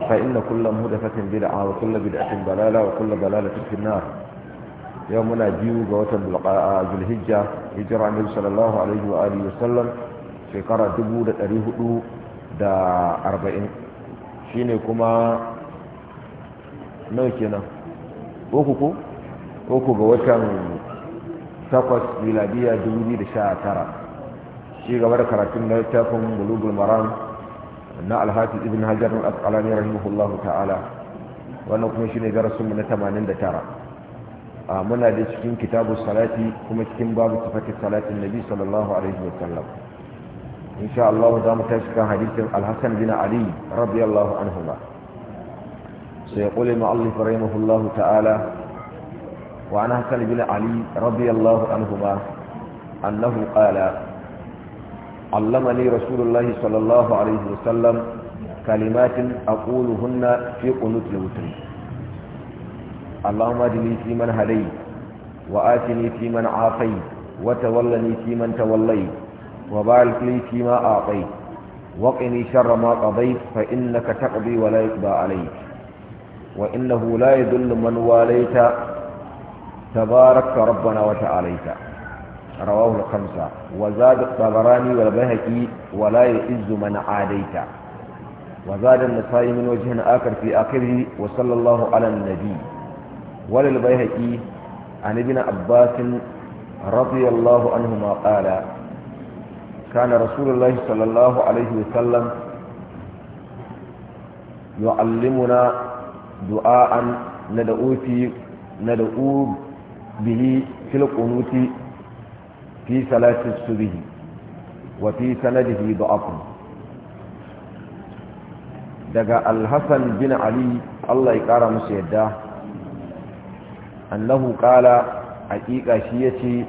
فإن كل مهدفة بدعة وكل بدعة ضلالة وكل ضلالة في النار يومنا ديو جوات ذو الهجة هجرة النبي صلى الله عليه وآله وسلم في قرى دبو دا تاريخ دو دا أربعين شيني كما نوكينا أوكوكو أوكو جوات takwas miladiya dubu biyu da sha tara shi gaba da karatun na littafin bulugul maram na alhafi ibn hajar al-asqalani rahimahullah ta'ala wannan kuma shine darasin mu na 89 a muna da cikin kitabu salati kuma cikin babu sifati salatin nabi sallallahu alaihi wa sallam insha Allah za tashi kan hadisin al-hasan bin ali radiyallahu anhuma سيقول المؤلف رحمه الله تعالى وعن حسن بن Ali, رضي الله عنهما annahu qala. علمني رسول الله صلى الله عليه وسلم كلمات أقولهن في قنوت الوتر اللهم اجني في من هديت وآتني في من عافيت وتولني في من توليت وبارك لي فيما أعطيت وقني شر ما قضيت فإنك تقضي ولا يقضى عليك وإنه لا يذل من واليت تبارك ربنا وتعاليت rawar hulkamsa wa za da tsabarani wa rabin haƙi wa layar izu mana adaita wa za da nasayi min waje na a kari wa sallallahu alam nabi wa haƙi a abbasin radiyallahu an huma kana rasulullahi sallallahu alaihi wa sallam yu'allimuna du'a'an na da'ufi na da'ubili fil qunuti في صلاة الصبح وفي سنده ضعف دقى الحسن بن علي الله يقار مسيدا أنه قال حقيقة شيئتي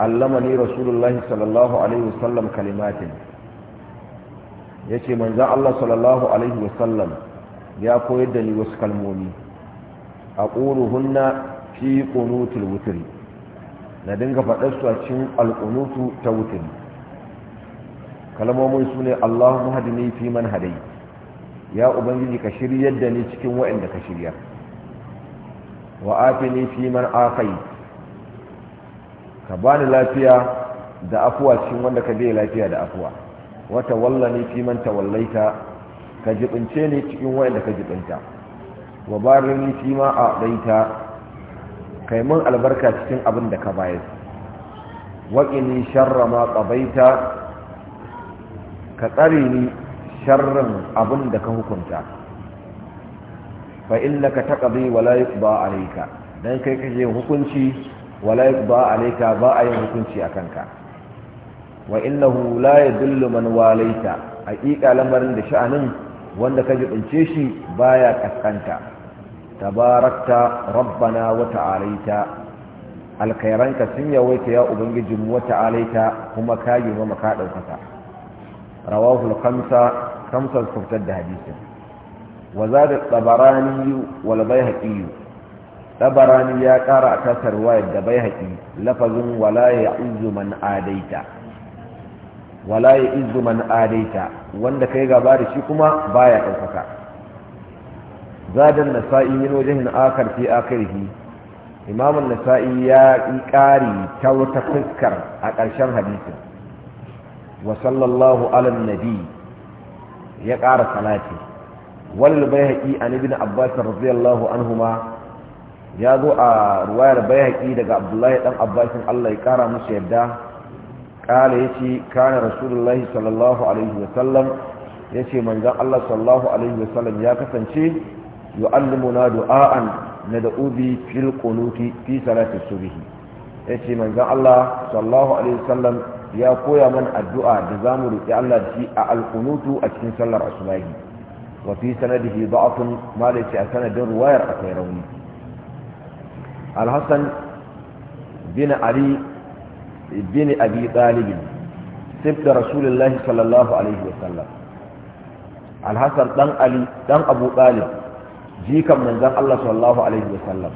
علمني رسول الله صلى الله عليه وسلم كلمات yace manzon Allah sallallahu alaihi wasallam ya koyar da ni wasu kalmomi aquluhunna fi qunutil wutri na dinga faɗarsu a cikin alƙunutu ta ne. kalmomin su ne allahun hadini fi man hadai ya ubangiji ka shiryar da ni cikin waɗanda ka shirya wa ni fi man kai. ka bani lafiya da afuwa cikin wanda ka biya lafiya da afuwa wata walla ni fi man tawallaita ka jibince ni cikin waɗanda ka jibinta wa ni fi ma a ɗaita kai mun albarka cikin abin da ka bayar waƙini sharra ma ƙabaita ka tsare ni sharrin abin da ka hukunta fa na ka taqdi wa la yuqda alayka dan kai kake hukunci wa la yuqda alayka ba a yin hukunci akan ka wa innahu la yadullu man walaita haƙiƙa lamarin da sha'anin wanda ka jibince shi baya kaskanta tabarakta rabbana wata alaita. alkhairanka sun yawaita ya ubangijin wata alaita, kuma ka girmama ka ɗaukaka rawahul khamsa khamsar fitar da hadisin wa zada tabarani wal bayhaqi tabarani ya ƙara a tasar wayar da bayhaqi lafazin wala ya'uzu man adaita wala man adaita wanda kai gaba da shi kuma baya ɗaukaka zadan nasa'i min wajhin akar fi akhirih imam nasai ya ƙari ta fuskar a ƙarshen hadisin wa sallallahu ala nabi ya ƙara salati wal bayhaqi an ibn abbas radiyallahu anhuma ya zo a ruwayar bayhaqi daga abdullahi dan abbas Allah ya kara masu yadda قال يتي كان رسول الله صلى الله عليه وسلم يتي من ذا الله صلى الله عليه وسلم يا كسنشي yu'allimuna du'a'an na nad'u bi fil qunuti fi salati subhi yace manzon Allah sallallahu alaihi wasallam ya koya mana addu'a da zamu roki Allah da shi a al alqunutu a cikin sallar asubahi wa fi sanadihi da'afun ma laysa a sanadin ruwayar akwai rauni al-hasan bin ali bin abi talib sibda rasulullahi sallallahu alaihi wasallam al-hasan dan ali dan abu talib jikan manzan Allah sallallahu alaihi wasallam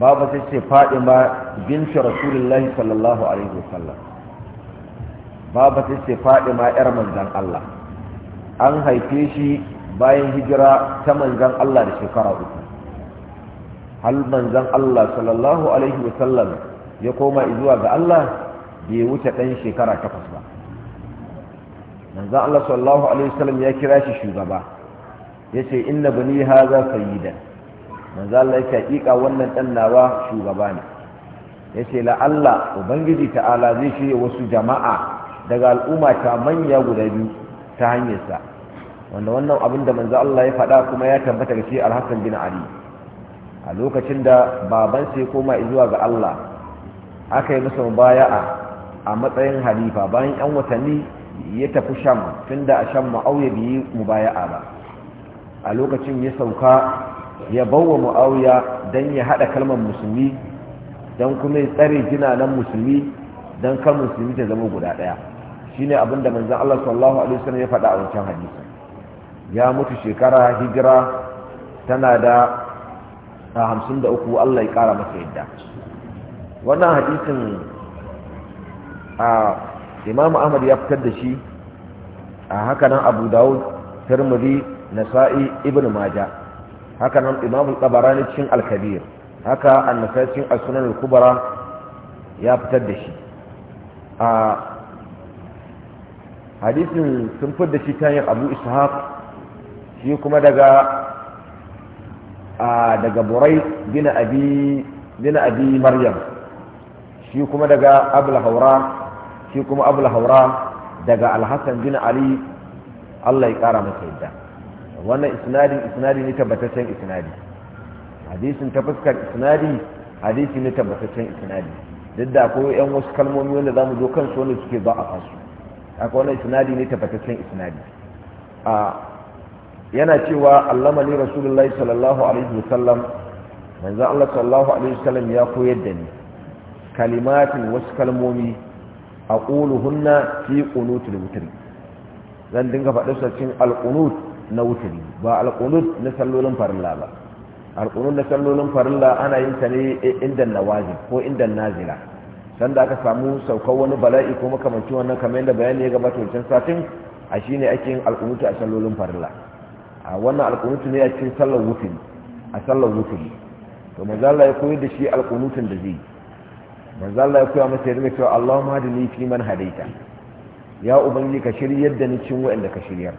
babu sai ce Fadima binti Rasulullahi sallallahu alaihi wasallam babu sai ce ma yar manzan Allah an haife shi bayan hijira ta manzan Allah da shekara uku hal manzan Allah sallallahu alaihi wasallam ya koma zuwa ga Allah bai wuce ɗan shekara takwas ba manzan Allah sallallahu alaihi wasallam ya kira shi shugaba yace inna bani hadha da manzo Allah yake hakika wannan dan nawa shugaba ne yace la Allah ubangiji ta'ala zai shi wasu jama'a daga al'umma ta manya guda biyu ta hanyar sa wanda wannan abin da manzo Allah ya faɗa kuma ya tabbata ga shi Al-Hasan bin Ali a lokacin da baban sai koma zuwa ga Allah aka yi masa mubaya'a a matsayin halifa bayan 'yan watanni ya tafi sham tunda a sham ma'auya biyi mubaya'a ba a lokacin ya sauka ya bawa mu'awiya don ya haɗa kalmar musulmi don kuma ya tsare gina nan musulmi don kan musulmi ta zama guda ɗaya shine abin da manzan Allah sallallahu alaihi wasallam ya faɗa a wancan hadisi ya mutu shekara hijira tana da hamsin da uku Allah ya ƙara masa yadda wannan hadisin a imamu ahmad ya fitar da shi a hakanan abu dawud tirmidhi nasa'i ibn maja haka nan imam al-tabarani cikin al-kabir haka an-nasa'i cikin as-sunan al-kubra ya fitar da shi a hadisin sun fitar da shi ta abu ishaq shi kuma daga a daga burai bin abi bin abi maryam shi kuma daga abul haura shi kuma abul haura daga alhassan bin ali Allah ya kara masa yadda wannan isnadin isnadi ne tabbataccen isnadi hadisin ta fuskar isnadi hadisi ne tabbataccen isnadi duk da ko yan wasu kalmomi wanda za mu zo kan su wanda suke ba a fasu akwai wannan isnadi ne tabbataccen isnadi a yana cewa allama ne rasulullahi sallallahu alaihi wasallam manzo Allah sallallahu alaihi wasallam ya koyar da ni kalimatin wasu kalmomi aquluhunna fi qunutil witr zan dinga faɗa su cikin alqunut na wuturi ba alƙunud na sallolin farilla ba alƙunud na sallolin farilla ana yin ta ne inda nawazil ko inda nazila sanda aka samu saukar wani bala'i ko makamancin wannan kamar yadda bayani ya gabata wancan satin a shine ake yin alƙunud a sallolin farilla a wannan alƙunud ne a cikin sallar wuturi a sallar wuturi to manzo ya koyar da shi alƙunutun da zai manzo ya koya masa yadda cewa Allahumma hadini fi man hadaita ya ubangi ka shiryar da ni cin wa'anda ka shiryar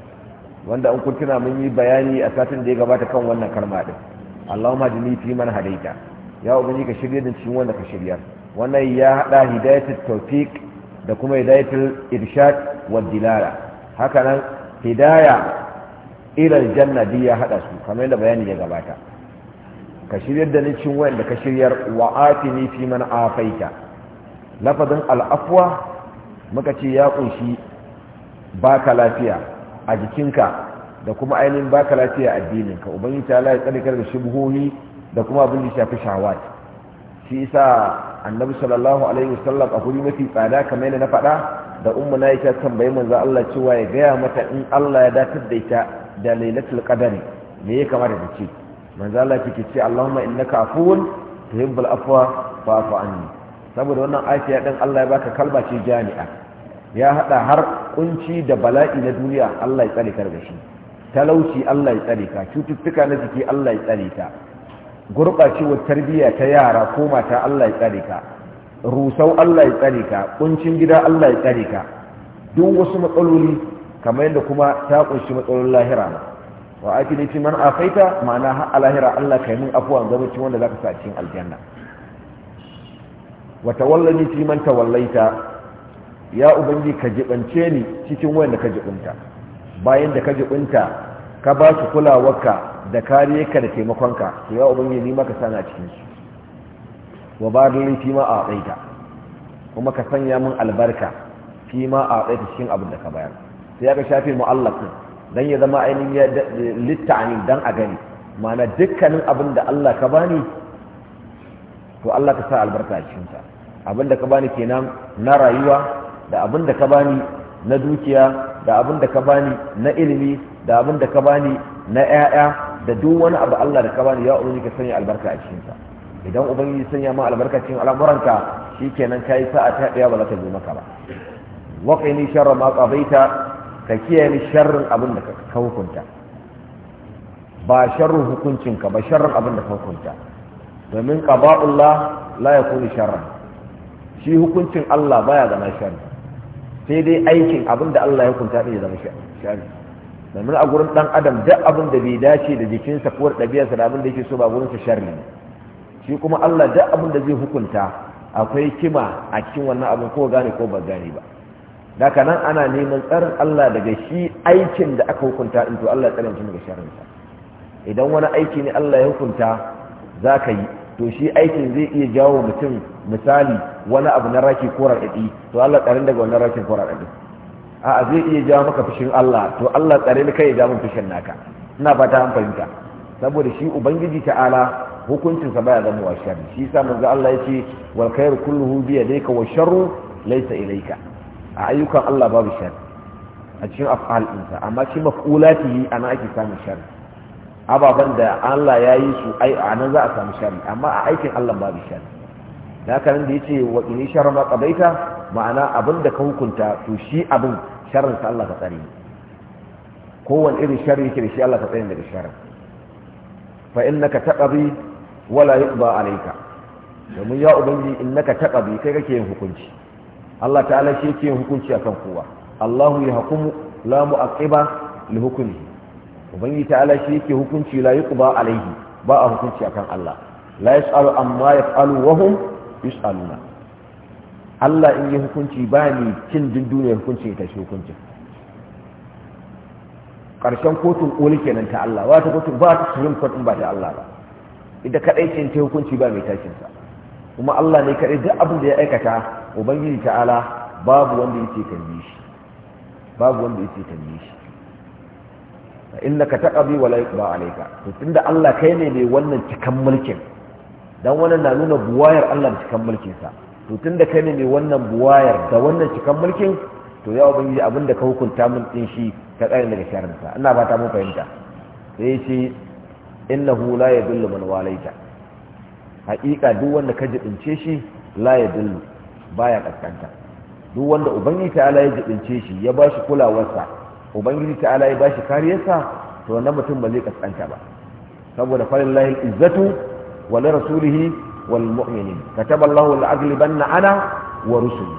wanda an kun mun yi bayani a satin da ya gabata kan wannan kalma din Allahumma jini fi man hadaita ya ubangi ka shirya da cikin wanda ka shirya wannan ya hada hidayatul tawfiq da kuma hidayatul irshad wa dilala haka nan hidaya ila aljanna ya hada su kamar yadda bayani ya gabata ka shirya da ni cikin wanda ka shiryar wa atini fi man afaita lafazin al'afwa muka ce ya kunshi baka lafiya a jikinka da kuma ainihin baka lafiya addininka ubangiji ta ya tsarkar da shubuhohi da kuma abin da shafi shawat shi isa annabi sallallahu alaihi wasallam a guri mafi tsada kamar yadda na faɗa da umma na ita tambayi manzo Allah cewa ya gaya mata in Allah ya datar da ita da lailatul qadari me ya kamata da ce manzo Allah yake ce Allahumma innaka afuwun tuhibbul afwa fa'fu anni saboda wannan afiya dan Allah ya baka kalba ce jami'a ya hada har kunci da bala'i na duniya Allah ya tsare ka daga shi talauci Allah ya tsare ka cututtuka na jiki Allah ya tsare ka gurbacewar tarbiyya ta yara ko mata Allah ya tsare ka rusau Allah ya tsare ka kuncin gida Allah ya tsare ka duk wasu matsaloli kamar yadda kuma ta kunshi matsalolin lahira ma wa ake ne man afaita ma'ana har a lahira Allah kai min afuwa gabacin wanda zaka sa cikin aljanna wa tawallani fi man tawallaita ya ubangi ka jibance ni cikin wanda ka jibinta bayan da ka jibinta ka ba su kulawarka da ka da taimakonka to ya ubangi ni maka sana cikin su wa barin fi ma a tsaita kuma ka sanya min albarka fi ma a tsaita cikin abin da ka bayar sai ya ga shafi mu'allaq dan ya zama ainihin litta'ani dan a gani maana dukkanin abin da Allah ka bani to Allah ka sa albarka a cikin ta abin da ka bani kenan na rayuwa da abin da ka bani na dukiya da abin da ka bani na ilimi da abin da ka bani na 'ya'ya da duk wani abu Allah da ka bani ya ubangiji ka sanya albarka a cikinsa idan ubangiji sanya ma albarka cikin al'amuranka shikenan kai sa'a ta daya ba za ta zo maka ba waqini sharra ma qabaita ka kiyaye ni sharrin abin da ka hukunta ba sharrin hukuncinka ba sharrin abin da ka hukunta domin qaba'ullah la yakunu sharra shi hukuncin Allah baya na sharri sai dai aikin abin da Allah ya kunta ɗaya zama shari domin a gurin ɗan adam duk abin da bai dace da jikinsa ko ɗabi'arsa da abin da yake so ba gurinsa sharri shi kuma Allah duk abin da zai hukunta akwai kima a cikin wannan abin ko gane ko ba gane ba daga nan ana neman tsarin Allah daga shi aikin da aka hukunta in to Allah ya tsarin daga sharrinsa idan wani aiki ne Allah ya hukunta za ka yi to shi aikin zai iya jawo mutum misali wani abu na raki ko raɗaɗi to Allah tsarin daga wannan rakin ko raɗaɗi a zai iya jawo maka fushin Allah to Allah ni kai ya jawo fushin naka ina fata an fahimta saboda shi ubangiji ta'ala hukuncinsa baya zama wa sharri shi sa manzo Allah yace wal khairu kulluhu bi yadayka wa sharru laysa ilayka a ayyukan Allah babu sharri a cikin af'al ɗinsa amma shi maf'ulatihi ana ake samun sharri ababen da Allah ya yi su ai a nan za a samu shari amma a aikin Allah babu shari na kanin da ya ce wa ini sharar maƙabaita ma'ana abin da ka hukunta to shi abin sharinsa Allah ka tsare kowane irin shari yake da shi Allah ka tsare daga sharin fa naka taqabi wala yuqda alayka domin ya ubangi naka taqabi kai kake yin hukunci Allah ta'ala shi yake yin hukunci akan kowa Allahu yahkumu la mu'aqiba li hukmihi ubangiji ala shi yake hukunci la yuqba alaihi ba a hukunci akan Allah la yasalu amma yasalu wa hum yasaluna Allah in yi hukunci ba ni cin dinduniya hukunci ta shi hukunci karshen kotun koli kenan ta Allah wata kotun ba ta surin kotun ba ta Allah ba ita kadai ce ta hukunci ba mai tashin sa kuma Allah ne kadai duk abin da ya aikata ubangiji ala babu wanda yake kan shi babu wanda yake kan shi innaka taqabi wa la yuqba alayka to tunda Allah kai ne mai wannan cikan mulkin dan wannan na nuna buwayar Allah da cikan mulkin sa to tunda kai ne mai wannan buwayar da wannan cikan mulkin to ya ubangiji abinda ka hukunta mun din shi ka tsare daga sharrin sa ina ta mu fahimta sai ya ce innahu la yadullu man walayta haqiqa duk wanda ka jibince shi la yadullu baya kaskanta duk wanda ubangiji ta ala ya jibince shi ya bashi kulawarsa ubangiji ta'ala ya bashi kariyarsa to wannan mutum ba zai kaskanta ba saboda falin lahil izzatu wa li rasulihi Ka mu'minin kataballahu al-aghlibanna ana wa rusuli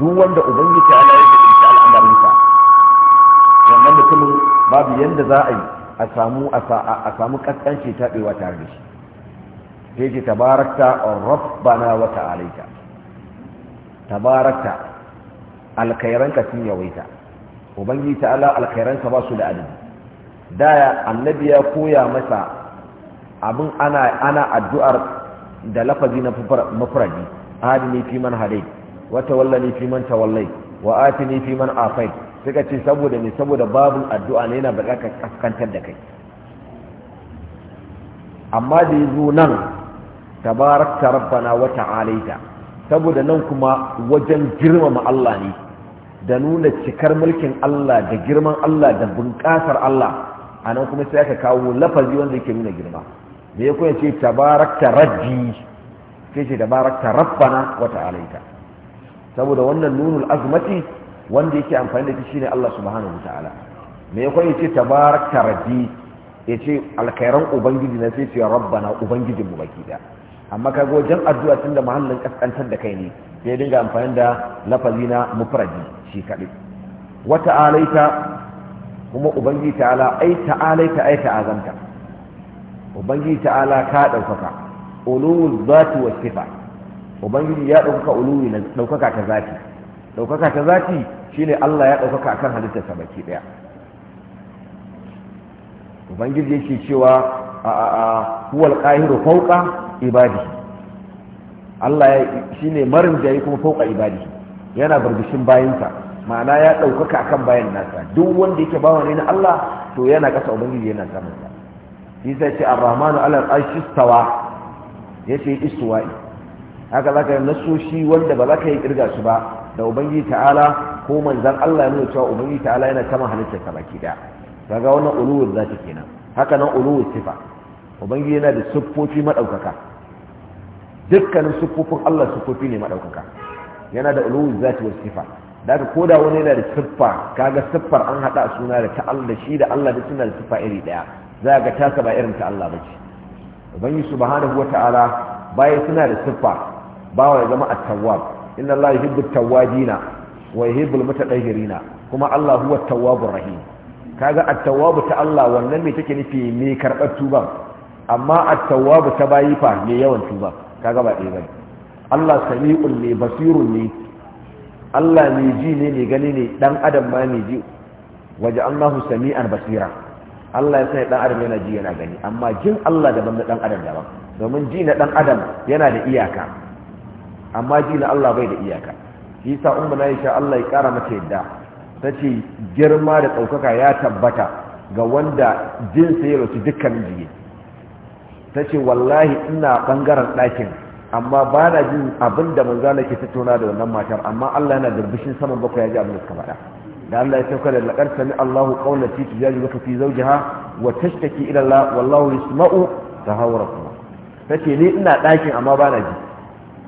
duk wanda ubangiji ta'ala ya bashi al'amarinsa wannan mutumin babu yanda za a yi a samu a samu kaskanci tabewa tare da shi sai ce tabarakta rabbana wa ta'alaita tabarakta alkhairanka sun yawaita ta ala alkhairanka ba su da adadi daya annabi ya koya masa abin ana ana addu'ar da lafazi na mafradi adini fi man hadai wa tawallani fi man tawallai wa atini fi man afai suka ce saboda ne saboda babu addu'a ne yana buƙatar kaskantar da kai amma da yanzu nan tabarakta rabbana wa ta'alaita saboda nan kuma wajen girmama Allah ne da nuna cikar mulkin Allah da girman Allah da bunƙasar Allah a nan kuma sai aka kawo lafazi wanda yake nuna girma da ya kuma ce tabarakta rabbi! sai ce tabarakta rabbana wa ta'alaita saboda wannan nunul azmati wanda yake amfani da shi shine Allah subhanahu wa ta'ala me ya kuma ce tabarakta rabbi! ya ce alkhairan ubangiji na sai ce rabbana ubangijinmu baki daya amma kaga wajen addu'a tun da mahallin kaskantar da kai ne sai dinga amfani da lafazi na mufradi shi kaɗai wa ta'alaita kuma ubangi ta'ala ai ta'alaita ai ta'azamta ubangi ta'ala ka ɗaukaka ulul zati wa sifa ubangi ya ɗaukaka ululi na ɗaukaka ta zati ɗaukaka ta zati shine Allah ya ɗaukaka akan halittarsa baki ɗaya ubangiji yake cewa a a huwal qahiru fawqa ibadi Allah shine marin jayi kuma fauka ibadi yana barbishin bayansa ma'ana ya ɗaukaka akan bayan nasa duk wanda yake bawa ne na Allah to yana ƙasa ubangiji yana zama sa shi sai ce ar-rahmanu ala al-arshi stawa yace istiwa'i haka zaka yi nasoshi wanda ba za ka yi kirga su ba da ubangiji ta'ala ko manzan Allah ya nuna cewa ubangiji ta'ala yana kama halittar ka baki daya kaga wannan uluwul zati kenan haka nan uluwul sifa ubangiji yana da siffofi madaukaka dukkanin siffofin Allah siffofi ne maɗaukaka. yana da ulul zati was sifa daga koda wani yana da siffa kaga siffar an a suna da ta Allah shi da Allah da suna da siffa iri ɗaya, za ga tasa ba irin ta Allah bace ubangi subhanahu ta'ala baya suna da siffa bawa ya zama at-tawwab inna Allah yuhibbu at-tawwabina wa yuhibbu al-mutatahhirina kuma Allah huwa at-tawwabur rahim kaga at ta Allah wannan me take nufi me karbar tuba amma at ta bayi fa me yawan tuba kaga ba ɗaya bane Allah sami'un ne basirun ne Allah ne ji ne ne gani ne dan adam ma ne ji waje Allahu sami'an basira Allah ya sani dan adam yana ji yana gani amma jin Allah daban na dan adam daban domin ji na dan adam yana da iyaka amma ji na Allah bai da iyaka shi yasa umma na yasha Allah ya kara mata yadda tace girma da tsaukaka ya tabbata ga wanda jinsa ya rasu dukkan jiye ta ce wallahi ina ɓangaren ɗakin amma ba na jin abin da manzo Allah ke tattauna da wannan matar amma Allah yana da bishin saman bakwai ya ji abin da suka faɗa da Allah ya sauka da laqad sami Allahu qawlati tujajibuka fi zawjiha wa tashtaki ila Allah wallahu yasma'u tahawurakum tace ni ina ɗakin amma ba na ji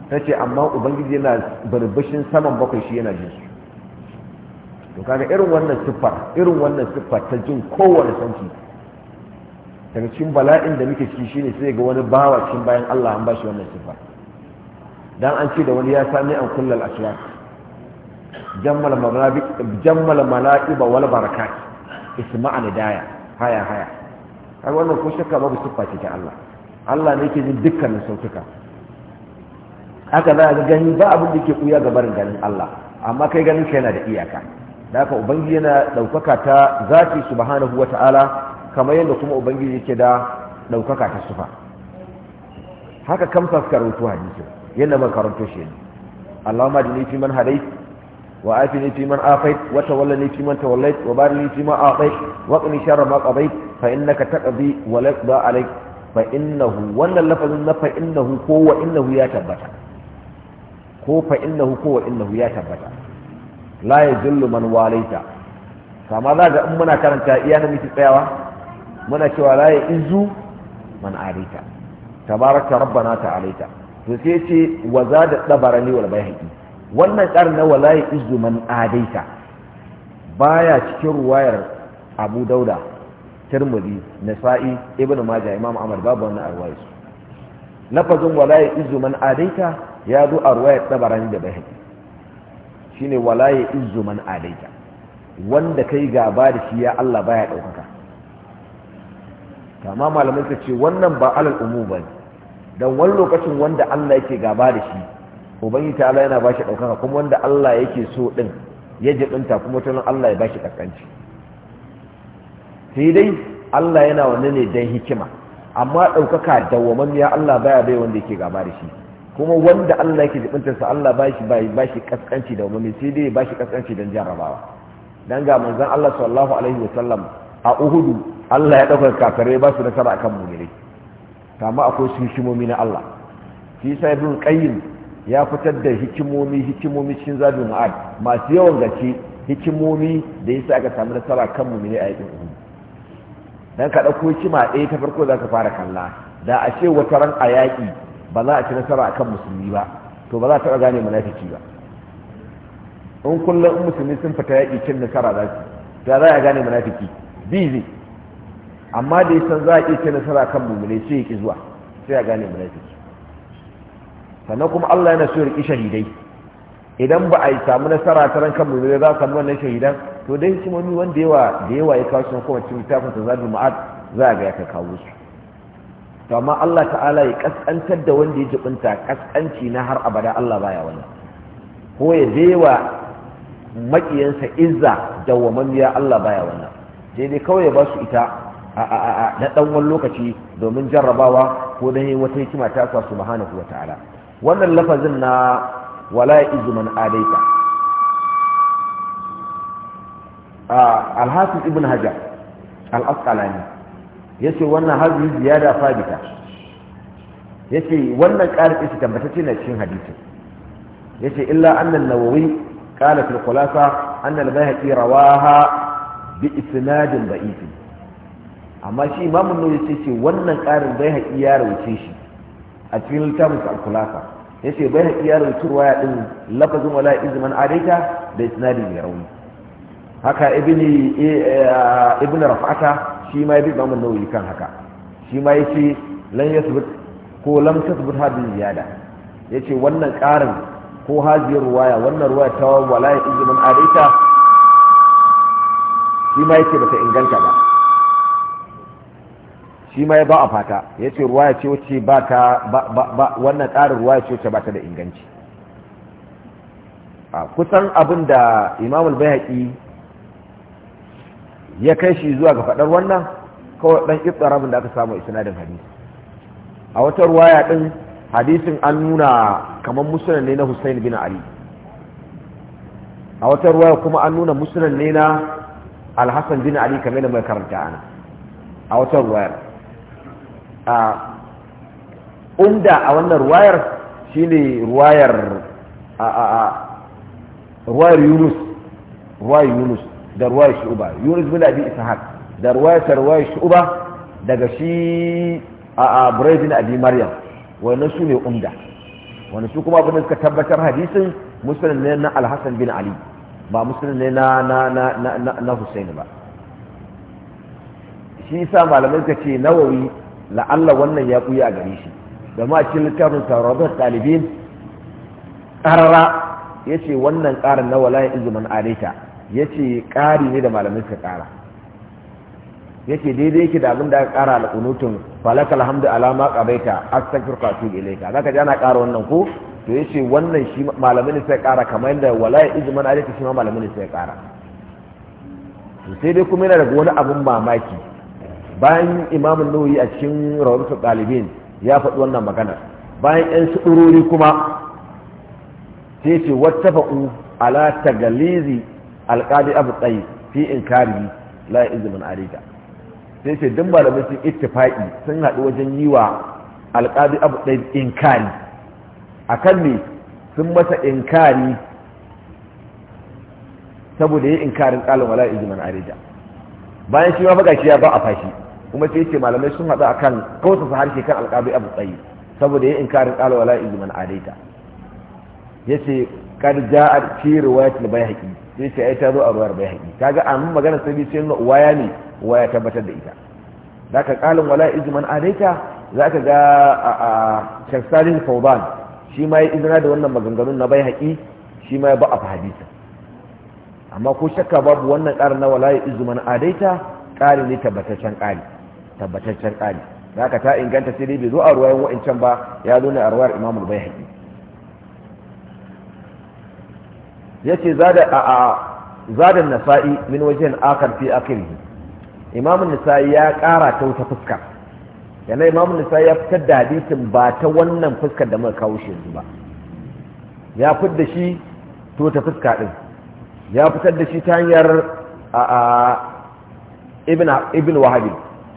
tace amma ubangiji yana barbishin saman bakwai shi yana jin to kaga irin wannan siffar irin wannan siffar ta jin kowane sanki daga cikin bala'in da muke ciki shine sai ga wani bawa cikin bayan Allah an bashi wannan sifa dan an ce da wani ya sami an kullal ashraf jammal marabi jammal mala'iba wal barakat isma'a nidaya haya haya kaga wannan ko shakka babu sifa ce ta Allah Allah ne yake jin dukkanin sautuka haka za ga gani ba abin da yake kuya ga barin ganin Allah amma kai ganin kai yana da iyaka da haka ubangiji yana daukaka ta zati subhanahu wataala kamar yadda kuma ubangiji yake da ɗaukaka ta sufa haka kam fuskar wato hadisi yadda man karanto shi ne Allahumma da fi man hadai wa aifi fi man afait wata tawallani fi man tawallait wa barini fi man afait wa qini sharra ma qadait fa innaka bi wa la yaqda alayk fa innahu wannan lafazin na fa innahu ko wa innahu ya tabbata ko fa innahu ko wa innahu ya tabbata la yadullu man walaita kama za ga in muna karanta iya namiji tsayawa muna cewa la ya izu man arita tabaraka rabbana ta'alaita to sai ce wa zada dabarani wal bayhaqi wannan karin na wala ya izu man adaita baya cikin ruwayar Abu Dauda Tirmidhi Nasa'i Ibn Majah Imam Ahmad babu wannan arwayar lafazin wala ya izu man adaita ya zo a ruwayar dabarani da bayhaqi shine wala ya izu man adaita wanda kai gaba da shi ya Allah baya daukaka amma malamai ta ce wannan ba alal umu ba ne don wani lokacin wanda Allah yake gaba da shi ubangi ta Allah yana ba shi ɗaukaka kuma wanda Allah yake so ɗin ya jiɓinta kuma tunan Allah ya ba shi ƙasƙanci sai dai Allah yana wani ne don hikima amma ɗaukaka ya Allah baya bai wanda yake gaba da shi kuma wanda Allah yake sa Allah ba shi ba shi da dawwamammi sai dai ba shi ƙasƙanci don jarabawa dan ga manzon Allah sallallahu alaihi sallam a Uhudu Allah ya ɗaukar kafirai ba su nasara akan ta ma akwai su hikimomi na Allah shi sa ibn qayyim ya fitar da hikimomi hikimomi cikin zabi ma'ad masu yawan gaske hikimomi da yasa aka samu nasara kan mu'minai a yakin Uhud dan ka dauko hikima ɗaya ta farko zaka fara kalla da a ce wata ran a yaƙi ba za a ci nasara akan musulmi ba to ba za ta gane munafiki ba in kullum musulmi sun fita yaƙi cin nasara za su ta za a gane munafiki bizi amma da ya san za a iya nasara kan mummune sai ya ki zuwa sai ya gane munafiki sannan kuma Allah yana so ya riki shahidai idan ba a yi samu nasara ta ran kan mummune za a samu wannan shahidan to dai hikimomi wanda yawa da yawa ya kawo sun kuma cikin tafin ta zabi ma'ad za a ga ya kawo su to amma Allah ta'ala ya kaskantar da wanda ya jibinta kaskanci na har abada Allah baya wannan ko ya je wa makiyansa izza dawwamammiya Allah baya wannan sai dai kawai ya ba su ita na ɗan wani lokaci domin jarrabawa ko dan yi wata hikima ta sa su subhanahu wa ta'ala wannan lafazin na wala izu adaita alhafiz ibn hajar al ya ce wannan hazi ziyada Ya ce wannan ƙarin isi tabbatacce na cikin hadisi Ya ce illa annan an-nawawi qala fil khulasa anna al-bayhaqi rawaha bi isnadin da'if amma shi imamun nawawi sai ce wannan karin bai haƙi ya rauce shi a cikin littafin al ya ce bai haƙi ya rawaice ruwaya din lafazin wala izman adaita da isnadi mai rauni haka ibini eh, eh, ibnu raf'ata shi ma ya bi imamun nawawi kan haka shi ma ya ce lan sabit ko lam tasbut hadhihi ziyada ce wannan karin ko hajiyar ruwaya wannan ruwaya ta wala izman adaita shi ma ya ba bata inganta ba shi ma ya ba a fata ya ce ruwa ya ce wacce ba ta wannan tsarin ruwa ya ce wacce ba ta da inganci a kusan abin da imamul bayhaƙi ya kai shi zuwa ga faɗar wannan kawai ɗan ƙi tsara da aka samu isnadin hadisi a wata ruwaya ɗin hadisin an nuna kamar musulun ne na hussein bin ali a wata ruwaya kuma an nuna musulun ne na alhassan bin ali kamar da mai karanta ana a wata ruwayar a umda a wannan ruwayar shi ruwayar a a ruwayar yunus ruwayar yunus da ruwayar shu'uba yunus bin abi ishaq da ruwayar ruwayar shu'uba daga shi a a bin abi maryam wannan su ne umda wani su kuma abin suka tabbatar hadisin musulun ne na alhassan bin ali ba musulun ne na na na na na husaini ba shi sa malamai suka ce nawawi la'alla wannan ya buya a gare shi da ma cikin littafin sarrafa talibin ƙarara ya ce wannan ƙarin na wala ya izuman areta ya ce ƙari ne da malamin suka ƙara ya ce daidai yake da abinda da aka ƙara alƙunutun falaka alhamdu alama ƙabaita astagfir kwatu ilaika za ka ji ana ƙara wannan ko to ya ce wannan shi malamin suka ƙara kamar yadda wala ya izuman areta shi ma malamin suka ƙara to sai dai kuma yana daga wani abin mamaki bayan imamun nawawi a cikin rawarsu ɗalibin ya faɗi wannan magana bayan yan suɗururi kuma sai ce faɗu ala tagalizi alqadi abu tsayi fi kari la izinin arika sai ce da mutum sun ittifaqi sun haɗu wajen yi wa alqadi abu tsayi a kan ne sun masa in kari saboda ya inkarin wa wala izinin arika bayan shi ma faga shi ya ba a fashi kuma sai ce malamai sun haɗu akan kawai su harshe kan alƙabi abu tsayi saboda ya inkarin qala wala ilman adaita ya ce yace a ja'a waya ta bai haƙi sai ce ai ta zo a bai haƙi ta ga amma magana sai bi sai waya ne waya tabbatar da ita za zaka qalan wala ilman adaita za ka ga a shafsalin fawdan shi ma ya izina da wannan maganganun na haƙi shi ma ya ba a hadisi amma ko shakka babu wannan ƙarin na wala ilman adaita ƙari ne tabbataccen ƙari tabbataccen ƙari aka ta inganta sai dai bai zo a ruwayen wa'ancan ba ya zo ne a ruwayar imamul bayhaqi yace zada a zada nasa'i min wajen akhar fi akhirih imamun nasa'i ya kara ta wata fuska yana imamun nasa'i ya fitar da hadisin ba ta wannan fuskar da muka kawo shi ba ya fitar da shi to ta fuska din ya fitar da shi ta hanyar a ibn ibn wahabi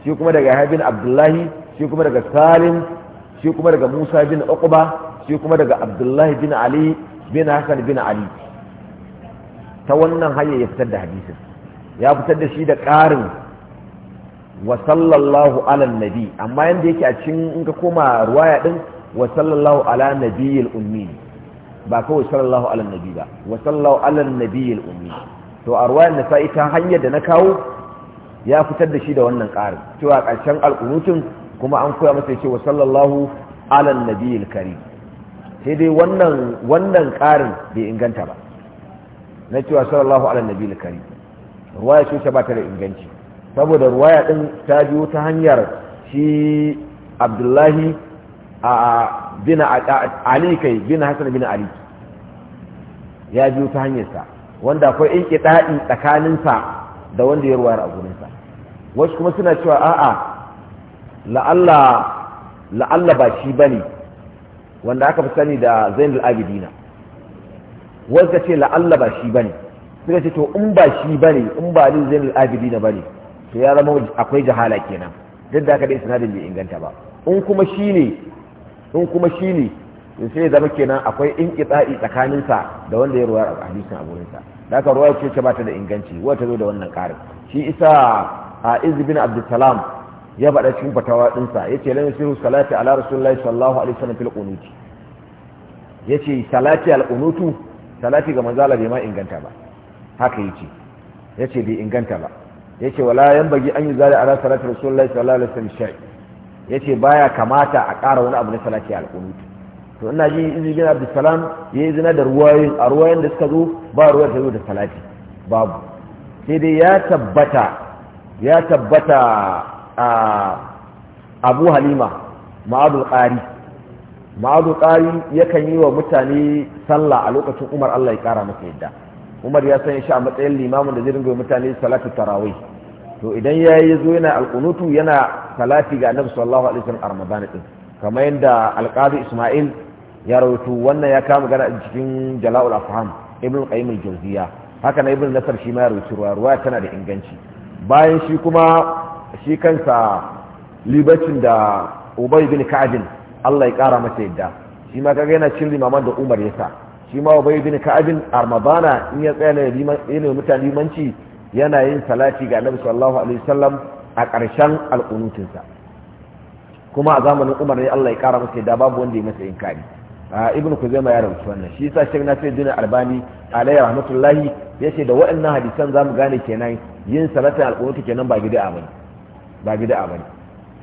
shi kuma daga yahya bin abdullahi shi kuma daga salim shi kuma daga musa bin uqba shi kuma daga abdullahi bin ali bin hasan bin ali ta wannan hanyar ya fitar da hadisin ya fitar da shi da ƙarin wa sallallahu ala nabi amma yanda yake a cikin in ka koma ruwaya din wa sallallahu ala nabiyil ummi ba kawai sallallahu ala nabi ba wa sallallahu ala nabiyil ummi to a ruwayar nasa'i ta hanyar da na kawo ya fitar da shi da wannan ƙarin cewa ƙarshen alƙunutun kuma an koya masa cewa sallallahu alan nabiyil karim sai dai wannan wannan ƙarin bai inganta ba na cewa sallallahu alan nabiyil karim ruwaya ce ba ta da inganci saboda ruwaya din ta biyo ta hanyar shi abdullahi a bin ali kai bin hasan bin ali ya biyo ta hanyarsa wanda akwai inƙiɗa'i tsakaninsa da wanda ya ruwayar a gurinsa wasu kuma suna cewa a'a la'alla la'alla ba shi bane wanda aka fi sani da zainul abidina wasu ka ce la'alla ba shi bane suka ce to in ba shi bane in ba ni zainul abidina bane to ya zama akwai jahala kenan duk da aka dai sinadin bai inganta ba in kuma shi ne in kuma shi ne in sai zama kenan akwai inqita'i tsakaninsa da wanda ya ruwa a hadisin aburinsa da aka ruwa ce ce ba ta da inganci wata zo da wannan karin shi isa a izbin abdulsalam ya faɗa cikin fatawa ɗinsa ya ce lamin siru salati ala rasulullahi sallallahu alaihi wasallam fil qunuti ya ce salati al qunutu salati ga manzala bai ma inganta ba haka yace ya ce bai inganta ba ya ce wala yan bagi an yi zali ala salati rasulullahi sallallahu alaihi wasallam shai ya ce baya kamata a ƙara wani abu na salati al qunutu to ina ji izinin abdulsalam ya yi zina da ruwayoyin a ruwayoyin da suka zo ba ruwa da salati babu sai dai ya tabbata ya tabbata a abu halima ma'adul ƙari ma'adul ƙari yakan yi wa mutane sallah a lokacin umar allah ya ƙara masa yadda umar ya sanya shi a matsayin limamin da zai ringa mutane salatu tarawai to idan ya yi zo yana alƙunutu yana salati ga annabi sallallahu alaihi wasallam a ramadan din kamar yadda alƙazi isma'il ya rawaito wannan ya kama gana cikin jala'ul afham ibn qayyim al-jawziya haka na ibn nasar shi ma ya rawaito ruwa tana da inganci bayan shi kuma shi kansa libacin da ubay bin ka'abin Allah ya kara masa yadda shi ma kaga yana cin limaman da Umar ya sa shi ma ubay bin ka'abin armabana in ya tsaya ne yi mutane limanci yana yin salati ga Annabi sallallahu alaihi wasallam a ƙarshen alƙunutinsa kuma a zamanin Umar ne Allah ya kara masa yadda babu wanda ya masa kari ibn kuzaima ya rubuta wannan shi yasa shek nasiruddin albani alayhi rahmatullahi yace da waɗannan hadisan zamu gane kenan yin salatin al-qunut kenan ba gida abani ba gida abani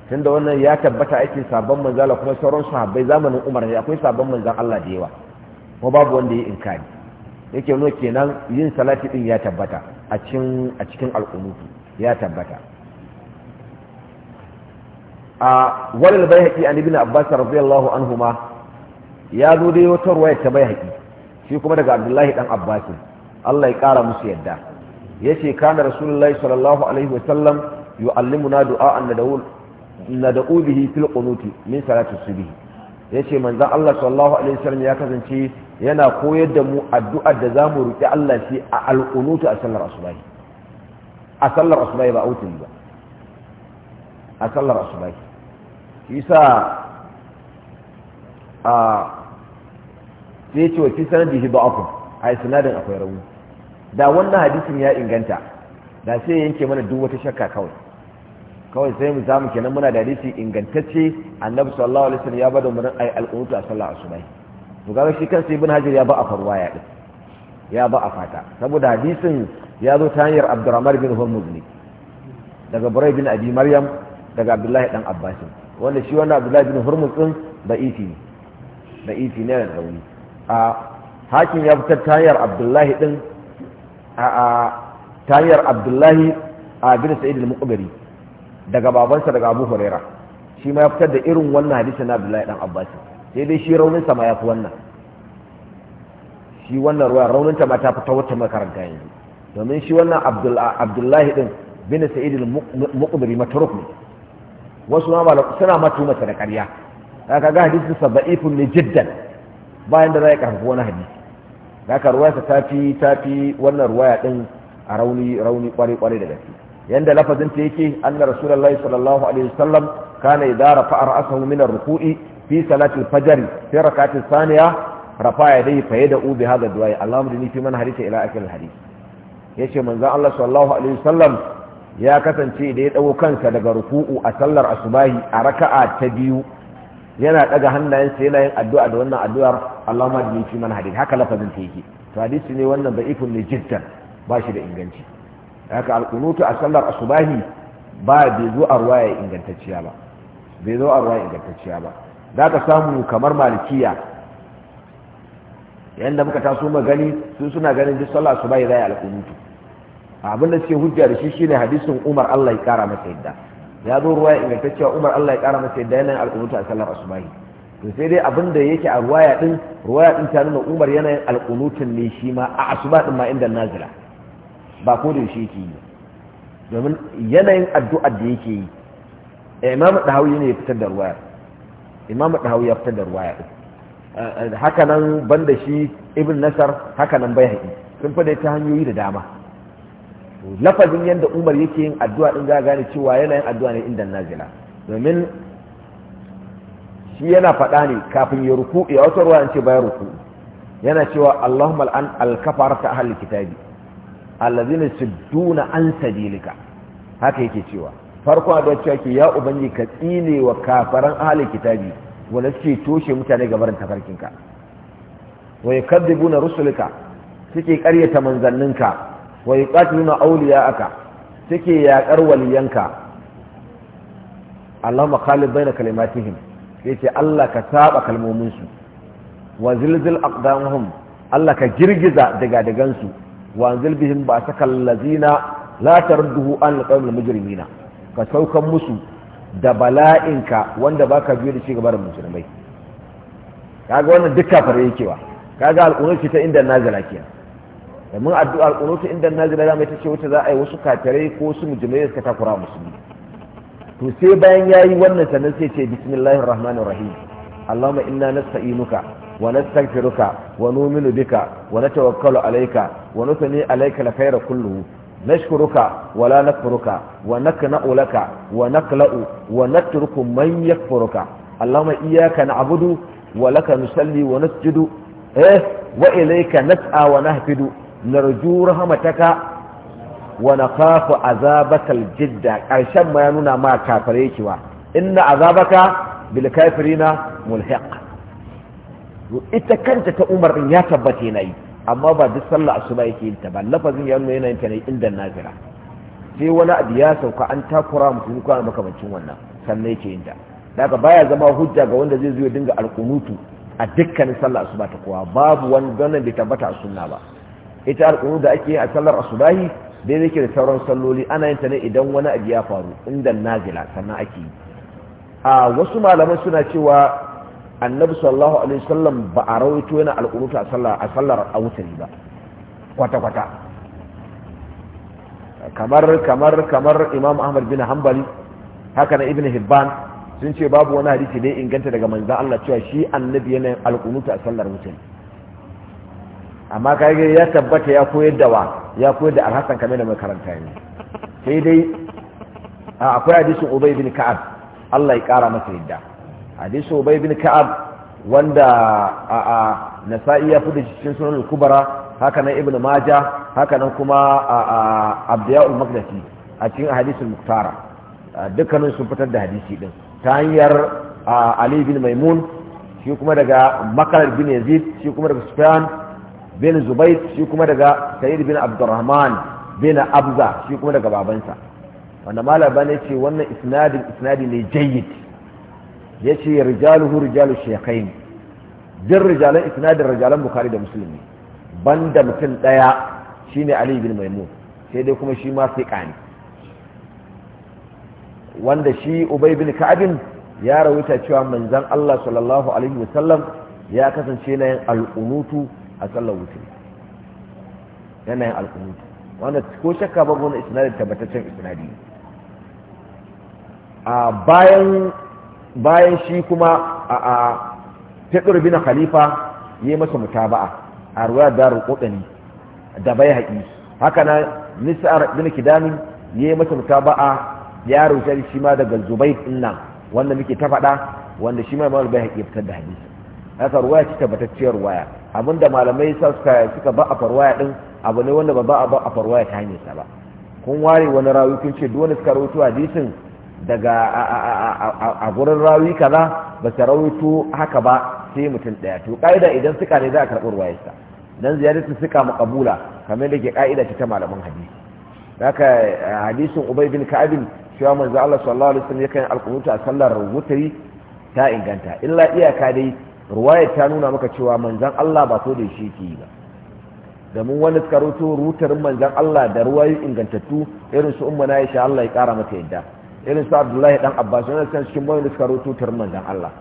tunda wannan ya tabbata aikin sabon Allah kuma sauran sahabbai zamanin umar ne akwai sabon manzan Allah da yawa ko babu wanda ya inkari yake nuna kenan yin salati din ya tabbata a cikin a cikin al-qunut ya tabbata a walal bayhaqi an ibn abbas radiyallahu anhuma ya zo dai wata ruwaya ta bai haƙi shi kuma daga abdullahi ɗan abbasin Allah ya ƙara musu yadda ya ce kana rasulullahi sallallahu alaihi wasallam na du'a an da bihi fil qunuti min salatu subi ya ce manzan Allah sallallahu alaihi wasallam ya kasance yana koyar da mu addu'ar da mu roki Allah shi a alqunutu a sallar asubahi a sallar asubahi ba autin ba a sallar asubahi sa a sai ce wa fi sanadihi da'afun a isnadin akwai rauni da wannan hadisin ya inganta da sai yanke mana duk wata shakka kawai kawai sai mu samu kenan muna da hadisi ingantacce annabi sallallahu alaihi wasallam ya bada mu nan ayi alqunutu a sallar asubai to kaga shi kansa ibn hajar ya ba a ya din ya ba a fata saboda hadisin ya zo ta hanyar abdurrahman bin hurmuz ne daga burai bin abi maryam daga abdullahi dan abbas wanda shi wannan abdullahi bin hurmuz din da ifi ne da ifi ne da rauni a hakin ya fitar tayar abdullahi din a tayar abdullahi a bin sa'id al-muqbari daga babansa daga abu huraira shi ma ya fitar da irin wannan hadisi na abdullahi dan abbas sai dai shi raunin sa ma ya fi wannan shi wannan ruwa raunin ta ma ta fita wata makaranta yanzu domin shi wannan abdullahi din bin sa'id al-muqbari matruk ne wasu ma suna matu tumata da ƙarya kaga hadisin sa da'ifun ne jiddan bayan da za ka hanku wani hadisi da aka ruwayarsa ta fi ta fi wannan ruwaya din a rauni rauni kwarai kwarai da gaske yanda lafazin ta yake anna rasulullahi sallallahu alaihi wasallam kana idza rafa'a ra'sahu min ar-ruku'i fi salati al-fajr fi rak'ati thaniya rafa'a yadayhi fa yad'u bi hadha ad-du'a Allahumma inni fi man haditha ila akhir al-hadith yace manzo Allah sallallahu alaihi wasallam ya kasance da ya dawo kansa daga ruku'u a sallar asubahi a raka'a ta biyu yana daga hannayensa yana yin addu'a da wannan addu'ar ma adini fi man hadin haka lafazin ta yake to hadisi ne wannan ifun ne jiddan ba shi da inganci haka al-qunutu a sallar asubahi ba bai zo a ruwaya ingantacciya ba bai zo a ruwaya ingantacciya ba za ka samu kamar malikiya yanda muka taso magani su suna ganin duk sallar asubahi zai alqunutu abin da suke hujja da shi shine hadisin Umar Allah ya kara masa yadda ya zo ruwa ingantacciya umar allah ya kara masa yadda yanayin alkunutu a sallar asubahi to sai dai abin da yake a ruwaya din ruwaya din ta nuna umar yanayin alkunutun ne shi ma a asuba din ma inda nazira ba ko da shi yake yi domin yanayin addu'a da yake yi eh, imam dahawi ne ya fitar da ruwaya imam dahawi ya fitar da ruwaya eh, eh, haka nan banda shi ibn nasar haka nan bai haƙi sun fada ta hanyoyi da dama lafazin yadda umar yake yin addu'a din za gane cewa yana yin addu'a ne inda nazila domin shi yana faɗa ne kafin ya ruku ya wata ruwa ce bayan ruku yana cewa Allahumma al'an alkafar ta ahal kitabi allazina sudduna an sabilika haka yake cewa farkon addu'a cewa ke ya ubangi ka tsine wa kafaran ahal kitabi wanda suke toshe mutane gabarin tafarkinka wa buna rusulika suke karyata manzanninka wa yuqatiluna awliya'aka suke yakar waliyanka Allahumma khalid baina kalimatihim sai ce Allah ka saba kalmomin su wa zilzil aqdamahum Allah ka girgiza daga dagan su wa anzil bihim ba'sakal ladzina la tarduhu an qawl mujrimina ka saukan musu da bala'inka wanda baka biyo da shi gaba da mujrimai kaga wannan duk kafare yake wa kaga al'ummar ta inda na zalakiya mun addu'a al'unutu inda nazira da mai ta ce wata za a yi wasu katarai ko su mujimai suka takura musulmi to bayan ya yi wannan sannan sai ce bismillahir rahmanir rahim allahumma inna nasta'inuka wa nastaghfiruka wa nu'minu bika wa natawakkalu alayka wa nusalli alayka la khayra kulluhu nashkuruka wa la nakfuruka wa naqna'u laka wa naqla'u wa natruku man yakfuruka allahumma iyyaka na'budu wa laka nusalli wa nasjudu eh wa ilayka nas'a wa nahfidu narju rahmataka wa nakhafu azabakal jidda karshen ma ya nuna ma kafare kiwa inna azabaka bil kafirina mulhiq ita kanta ta Umar din ya tabbata nayi amma ba duk sallah asuba yake yin ta ba lafazin ya nuna yana yin ta ne inda nazira sai wani abu ya sauka an takura mutum ko an makamancin wannan sannan yake yin ta daga baya zama hujja ga wanda zai zo ya dinga alkunutu a dukkanin sallah asuba ta kowa babu wani wannan bai tabbata a sunna ba ita alƙuru da ake a sallar asubahi dai zai da sauran salloli ana yin ta ne idan wani abu ya faru inda nazila sannan ake yi a wasu malaman suna cewa annabi sallallahu alaihi wasallam ba a rawaito yana alƙuru a sallar a sallar a wutari ba kwata-kwata kamar kamar kamar imam ahmad bin hanbali haka na ibn hibban sun ce babu wani hadisi da ya inganta daga manzan allah cewa shi annabi yana alƙuru a sallar wutari amma kage ya tabbata ya koyar da wa ya koyar da alhassan kamar da mai karanta ne sai dai akwai hadisin ubay bin ka'ab Allah ya kara masa yadda hadisin ubay bin ka'ab wanda a a nasa'i ya fi da cikin sunan al hakanan haka nan ibnu maja haka kuma a a abdiyaul maqdisi a cikin hadisin muktara dukkanin sun fitar da hadisi din ta hanyar ali bin maimun shi kuma daga makar bin yazid shi kuma daga sufyan bin zubair shi kuma daga sa'id bin abdurrahman bin abza shi kuma daga babansa wanda malaba ne ce wannan isnadin isnadi ne jayyid ya ce rijaluhu rijalu shekain din rijalan isnadin rijalan bukari da musulmi banda mutum daya shine ali bin maimun sai dai kuma shi ma sai kani wanda shi ubai bin ka'abin ya rawaita cewa manzon Allah sallallahu alaihi wasallam ya kasance na yin al'unutu a tsallon wuce yana yin alkunutu wanda ko shakka babu wani isnadin tabbataccen isnadi a bayan bayan shi kuma a a bin khalifa yayi masa mutaba'a a ruwaya daru qudani da bai haƙi haka na nisar bin ya yayi masa mutaba'a ya rubuta shi ma daga zubayr inna wanda muke ta faɗa wanda shi ma imam bai haƙi fitar da hadisi haka ruwaya ce tabbatacciyar ruwaya da malamai sa suka suka ba a farwaya din abu ne wanda ba za a ba a farwaya ta hanyar sa ba kun ware wani rawi kun ce duk wani suka rawaito hadisin daga a gurin rawi kaza ba su rawaito haka ba sai mutum daya to kaida idan suka ne za a karɓi ruwayarsa dan ziyaratu suka makabula kamar da ke kaida ta malamin hadisi haka eh, hadisin ubay bin ka'ab cewa manzo Allah sallallahu alaihi wasallam yakan alqunuta a sallar wutri ta inganta illa iyaka dai ruwaya ta nuna maka cewa manzan Allah ba so da shi ke yi ba domin wani suka roto rutar manzan Allah da ruwayoyi ingantattu irin su umma Aisha Allah ya kara mata yadda irin su Abdullahi dan Abbas wani suka cikin bayan suka rutu tar manzan Allah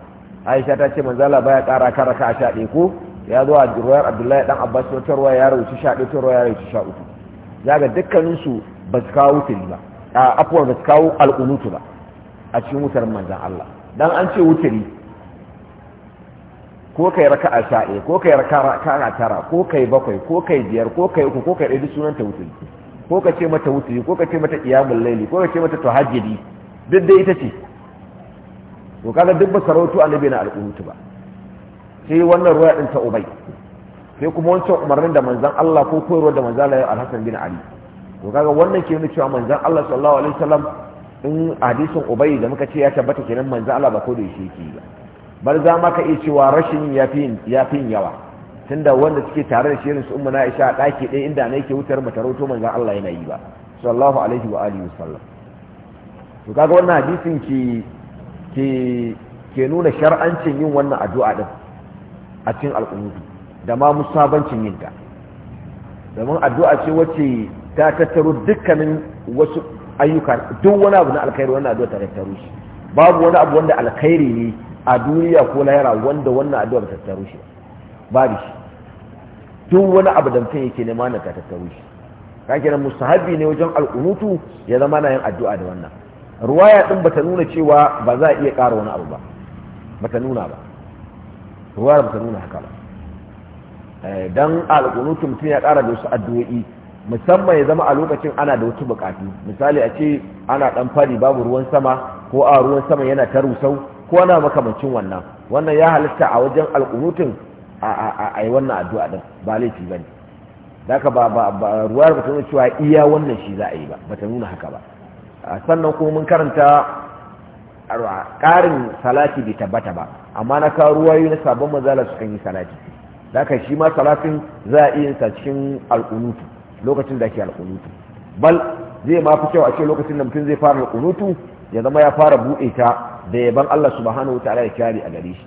Aisha ta ce manzala ba baya kara kara ka sha ɗaya ko ya zo a ruwayar Abdullahi dan Abbas wata ruwaya ya rawuci sha ɗaya ta ruwaya ya rawuci sha uku ga dukkanin su ba su kawo wutuli ba a afuwar ba su kawo al'unutu ba a cikin wutar manzan Allah dan an ce wutuli ko kai raka sha ɗaya ko kai raka'a tara ko kai bakwai ko kai biyar ko kai uku ko kai ɗaya duk sunan ta wuce ko ka ce mata wuce ko ka ce mata iyamun laili ko ka ce mata tahajjudi duk dai ita ce to kaga duk ba a annabi na alƙunutu ba sai wannan ruwa din ta ubai sai kuma wancan umarnin da manzan Allah ko koyarwar da manzan Allah Alhassan bin Ali to kaga wannan ke nuna cewa manzan Allah sallallahu alaihi wasallam in hadisin ubai da muka ce ya tabbata kenan manzan Allah ba ko da yake yi ba bar za maka iya cewa rashin ya fi yawa tunda wanda suke tare da shirin su umma na isha daki ɗaya inda na yake wutar mata roto za Allah yana yi ba sallallahu alaihi wa alihi wasallam to kaga wannan hadisin ke ki ke nuna shar'ancin yin wannan addu'a din a cikin al'ummi da ma musabancin yin ta domin addu'a ce wacce ta tattaro dukkanin wasu ayyuka duk wani abu na alkhairi wannan addu'a ta tattaro shi babu wani abu wanda alkhairi ne a duniya ko lahira wanda wannan addu'a ta taru shi babu shi duk wani abu da mutum yake nema na ta tattaru shi kake nan mustahabi ne wajen al'unutu ya zama na yin addu'a da wannan ruwaya din bata nuna cewa ba za a iya ƙara wani abu ba bata nuna ba ruwaya bata nuna haka ba eh, dan al'unutu mutum ya ƙara da wasu addu'o'i musamman ya zama a lokacin ana da wasu buƙatu misali a ce ana dan fari babu ruwan sama ko a ruwan sama yana ta rusau ko na makamancin wannan wannan ya halitta a wajen alƙunutun a yi wannan addu'a ɗin ba laifi ba ne da ka ba ruwar ba ta cewa iya wannan shi za a yi ba ba ta nuna haka ba sannan kuma mun karanta ƙarin salati bai tabbata ba amma na kawo ruwayoyi na sabon mazala su kan yi salati da ka shi ma salatin za a iya sa cikin alƙunutu lokacin da ke alƙunutu bal zai ma fi kyau a ce lokacin da mutum zai fara alƙunutu ya zama ya fara buɗe ta da yaban Allah subhanahu wa ta'ala ya kyari a gare shi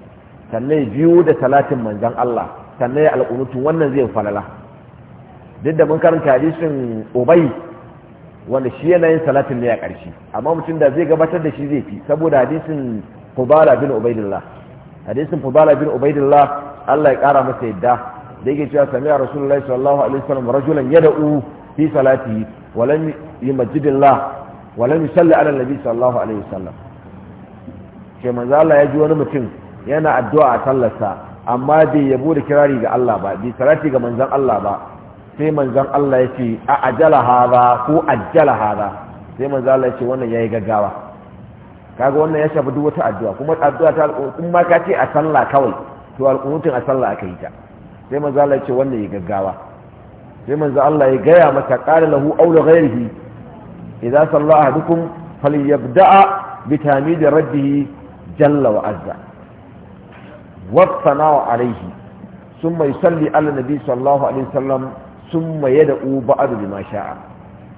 sannan biyu da talatin manzan Allah sannan al'unutu wannan zai falala duk da mun karanta hadisin ubai wanda shi yin talatin ne a ƙarshe amma mutum da zai gabatar da shi zai fi saboda hadisin fubala bin ubaidillah hadisin fubala bin ubaidillah Allah ya ƙara masa yadda da yake cewa sami'a rasulullahi sallallahu alaihi wasallam rajulan yad'u fi salatihi wa lam yumajjidillah wa lam yusalli ala nabi sallallahu alaihi wasallam sai manzo Allah ya ji wani mutum yana addu'a a sallarsa amma bai yabo da kirari ga Allah ba bai salati ga manzon Allah ba sai manzon Allah ya ce a ajala hada ko ajala hada sai manzo Allah ya ce wannan yayi gaggawa kaga wannan ya shafi duk wata addu'a kuma addu'a ta alƙur'ani ma ka ce a sallah kawai to alƙur'anin a sallah aka yi ta sai manzo Allah ya ce wannan yayi gaggawa sai manzo Allah ya gaya masa qala lahu aw la ghayrihi idza salla ahadukum falyabda'a bitamidi rabbihi jalla wa azza wasana wa alaihi sun mai salli ala nabi sallallahu alaihi sallam sun maye da uba adu bi sha'a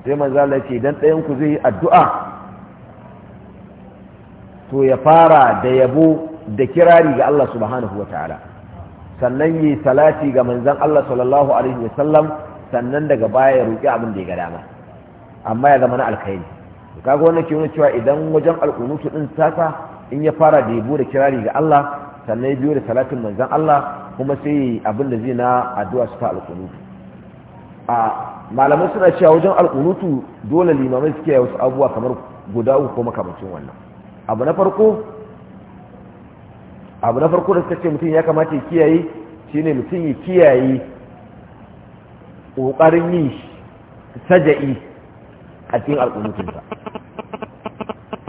sai manzala ce dan ɗayan ku zai yi addu'a to ya fara da yabo da kirari ga Allah subhanahu wataala sannan yi salati ga manzon Allah sallallahu alaihi sallam sannan daga baya ya roki abin da ya ga dama amma ya zama na alkhairi kaga wannan ke nuna cewa idan wajen alkunutu din saka in ya fara da yabo da kirari ga Allah sannan ya biyo da talatin manzon Allah kuma sai abin da zai na addu'a su ta alƙunutu a malamai suna cewa wajen alƙunutu dole limamai suke yi wasu abubuwa kamar guda uku ko makamancin wannan abu na farko abu na farko da suka ce mutum ya kamata ya kiyaye shine mutum ya kiyaye ƙoƙarin yin saja'i a cikin alƙunutunsa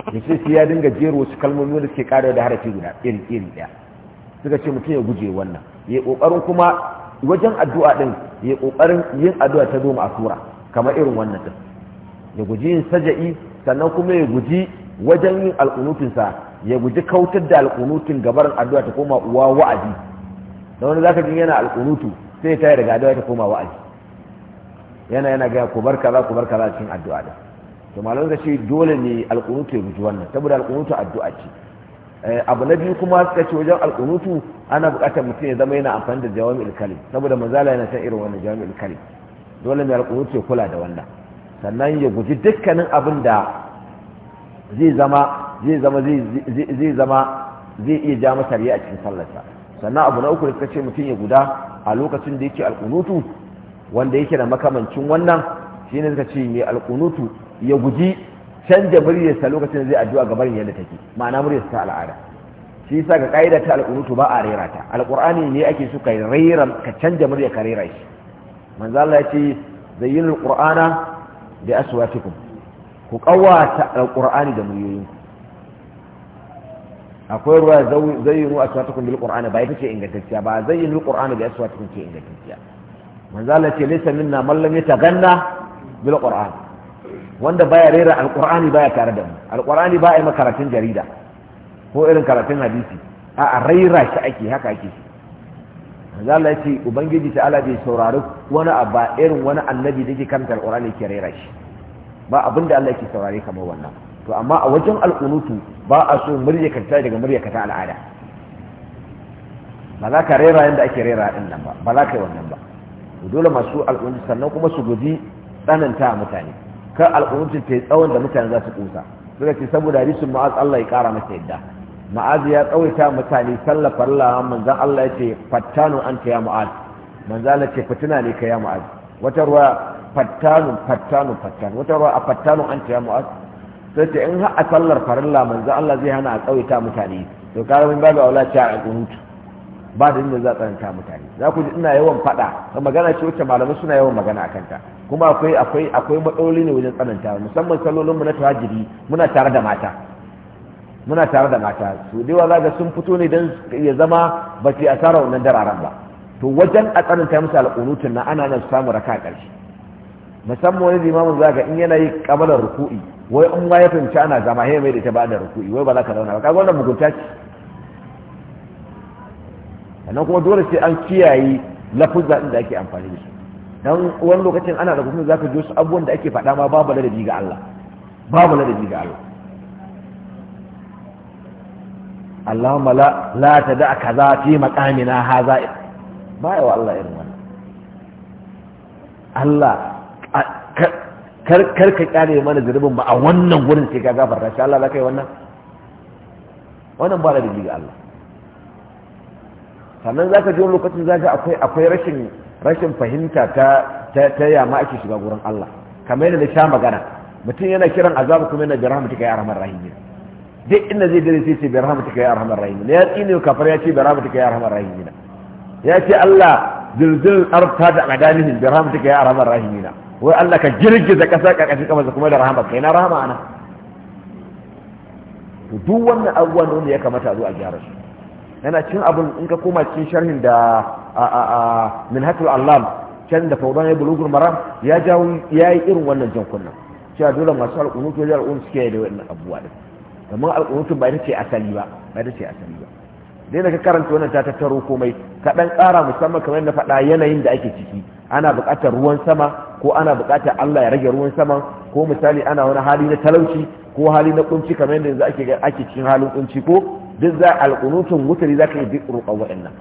da ce sai ya dinga jero wasu kalmomi wanda suke ƙara da harafi guda iri iri ɗaya suka ce mutum ya guje wannan ya ƙoƙarin kuma wajen addu'a ɗin ya ƙoƙarin yin addu'a ta zo a tura kamar irin wannan ɗin ya guji yin saja'i sannan kuma ya guji wajen yin alƙunutinsa ya guji kautar da alƙunutin gabarin addu'a ta koma uwa wa'azi da wani zaka jin yana alƙunutu sai ta yi daga addu'a ta koma wa'azi yana yana gaya ku bar kaza ku bar kaza cikin addu'a da to malamai suka ce dole ne alƙunutu ya guji wannan saboda alƙunutu addu'a ce eh, abu na biyu kuma suka ce wajen alkunutu ana buƙatar mutum ya zama yana amfani da jawami ilkali saboda manzala yana san irin wannan jawami ilkali dole ne alƙunutu ya kula da wannan sannan ya guji dukkanin abin da zai zama zai zama zai zama zai iya ja masa riya a cikin sallarsa sannan abu na uku da suka ce mutum ya guda a lokacin da yake alkunutu wanda yake da makamancin wannan shi ne suka ce mai alƙunutu ya guji canja muryarsa lokacin zai addu'a ga barin yadda take ma'ana muryarsa ta al'ada shi yasa ga ka'ida ta alƙunutu ba a rera ta alƙur'ani ne ake so ka rera ka canja murya ka rera shi manzo Allah ya ce zayyinul qur'ana bi aswatikum ku qawata alqur'ani da muryoyin akwai ruwa zayyinu aswatikum bil qur'ani ba ita ce ingantacciya ba zayyinul qur'ana bi aswatikum ce ingantacciya manzo Allah ya ce laysa minna man lam yataganna bil qur'an wanda baya rera alqur'ani baya tare da mu alqur'ani baya ma karatun jarida ko irin karatun hadisi a a raira shi ake haka ake shi manzo Allah ya ce ubangiji ta Allah bai saurari wani abba irin wani annabi da yake karanta alqur'ani ke rera shi ba abinda Allah yake saurare kamar wannan to amma a wajen alqunutu ba a so murya ka daga murya ka ta al'ada ba za ka rera yadda ake rera din nan ba ba za ka yi wannan ba dole masu alƙunci sannan kuma su guji tsananta mutane kar alƙunutin ta yi tsawon da mutane za su kusa suka ce saboda hadisin ma'az Allah ya ƙara masa yadda ma'az ya tsawaita mutane sallafa Allah manzan Allah ya ce fattanu an ta ya ma'az manzan Allah ce fitina ne ka ya ma'az wata ruwa fattanu fattanu fattanu wata ruwa a fattanu an ta ya ma'az sai ce in har a sallar farilla manzan Allah zai hana a tsawaita mutane to karamin babu aula ta a alƙunutu ba da da za a tsananta mutane za ku ji ina yawan faɗa magana ce wacce malamai suna yawan magana a kanta kuma akwai akwai akwai matsaloli ne wajen tsananta musamman salolinmu na tawajiri muna tare da mata muna tare da mata su dewa za ga sun fito ne don ya zama ba su asara wannan dararan ba to wajen a tsananta musu alƙunutun na ana nan samu raka a ƙarshe musamman wani limamin za ga in yana yi kamalar ruku'i wai in ma ya fahimci ana zama ya mai da ta bada da ruku'i wai ba za ka zauna ba kaga wannan mugunta ce sannan kuma dole sai an kiyaye lafuzza da ake amfani da su dan wani lokacin ana da kuma zaka ji su abubuwan da ake faɗa ma babu ladabi ga Allah babu ladabi ga Allah Allahumma la la tada kaza fi maqamina haza baya wa Allah irin wannan Allah kar kar ka kare mana zurbin ba a wannan gurin sai ka gafarta shi Allah zaka yi wannan wannan ba ladabi ga Allah sannan zaka ji lokacin zaka akwai akwai rashin rashin fahimta ta ta yama ake shiga gurin Allah kamar yadda sha magana mutum yana kiran azabu kuma yana bi rahmatika ya arhamar rahim duk inda zai dare sai ce bi rahmatika ya arhamar rahim ya tsine kafar ya ce bi rahmatika ya arhamar rahim ya ce Allah zilzil arta da adanihim bi rahmatika ya arhamar rahim wai Allah ka girgiza kasa karkashin kamarsa kuma da rahama kai na rahama ana to duk wannan abubuwan ne ya kamata a zo a gyara su yana cin abin in ka koma cikin sharhin da min hatul allam can da faudan ya bulugun maram ya jawo ya yi irin wannan jan kunnan cewa dole masu alƙunutu ya alƙunutu suke yi da wannan abubuwa da domin alƙunutu ba ita ce asali ba ba ita ce asali ba dai da ka karanta wannan ta tattaro komai kaɗan ɗan ƙara musamman kamar na faɗa yanayin da ake ciki ana buƙatar ruwan sama ko ana buƙatar Allah ya rage ruwan sama ko misali ana wani hali na talauci ko hali na kunci kamar yadda yanzu ake ake cikin halin kunci ko duk za a mutane za ka yi duk ruqan waɗannan,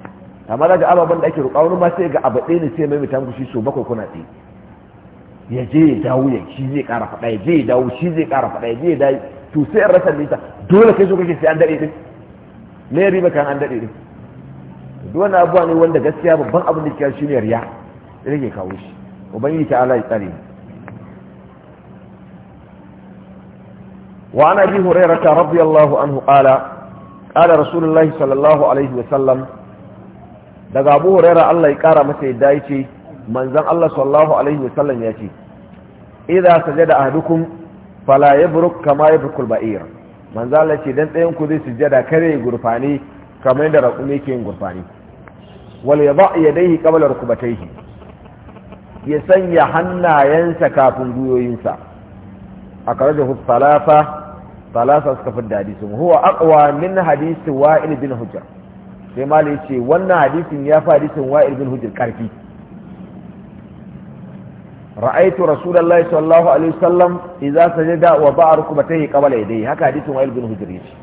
amma daga ababen da ake ruƙa wani ma sai ga abu ɗaya ne sai mai mutan shi so bakwai kuna ɗi ya je ya dawo ya shi zai ƙara faɗa ya je ya dawo shi zai ƙara faɗa ya je ya dawo to sai an rasa nisa dole kai so kake sai an daɗe ɗin me ya riba kan an daɗe ɗin duk wani abuwa ne wanda gaskiya babban abin da kiyar shi ne riya da ke kawo shi ubangiji ta ala ya tsare mu وعن ابي هريره رضي الله عنه قال ƙara rasulullahi sallallahu alaihi sallam daga abu huraira allah ya kara masa yadda ya ce manzan allah sallallahu alaihi wasallam ya ce idza sajada ahadukum fala yabruk kama yabrukul ba'ir manzan allah ce dan ɗayan ku zai sujada kare gurfani kamar yadda raƙumi yake yin gurfani wal yada yadayhi qabla rukbatayhi ya sanya hannayensa kafin guyoyinsa a karajahu salafa salasa suka fi da hadisin huwa aqwa min hadisi wa'il bin hujjar sai mali ya ce wannan hadisin ya fi hadisin wa'il bin hujjar karfi ra'aitu rasulullahi sallallahu alaihi wasallam idza sajada wa ba'a rukbatayhi qabla yadayhi haka hadisin wa'il bin hujjar yace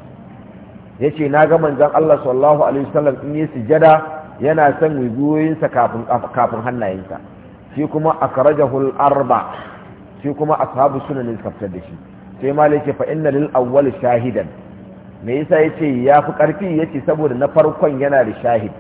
yace na ga manzon Allah sallallahu alaihi wasallam in yi sujada yana san wigoyinsa kafin kafin hannayensa shi kuma akrajahu al-arba shi kuma ashabu sunan suka fitar da shi sai malik yake fa inna lil awwal shahidan me yasa yace ya fi karfi yace saboda na farkon yana da shahid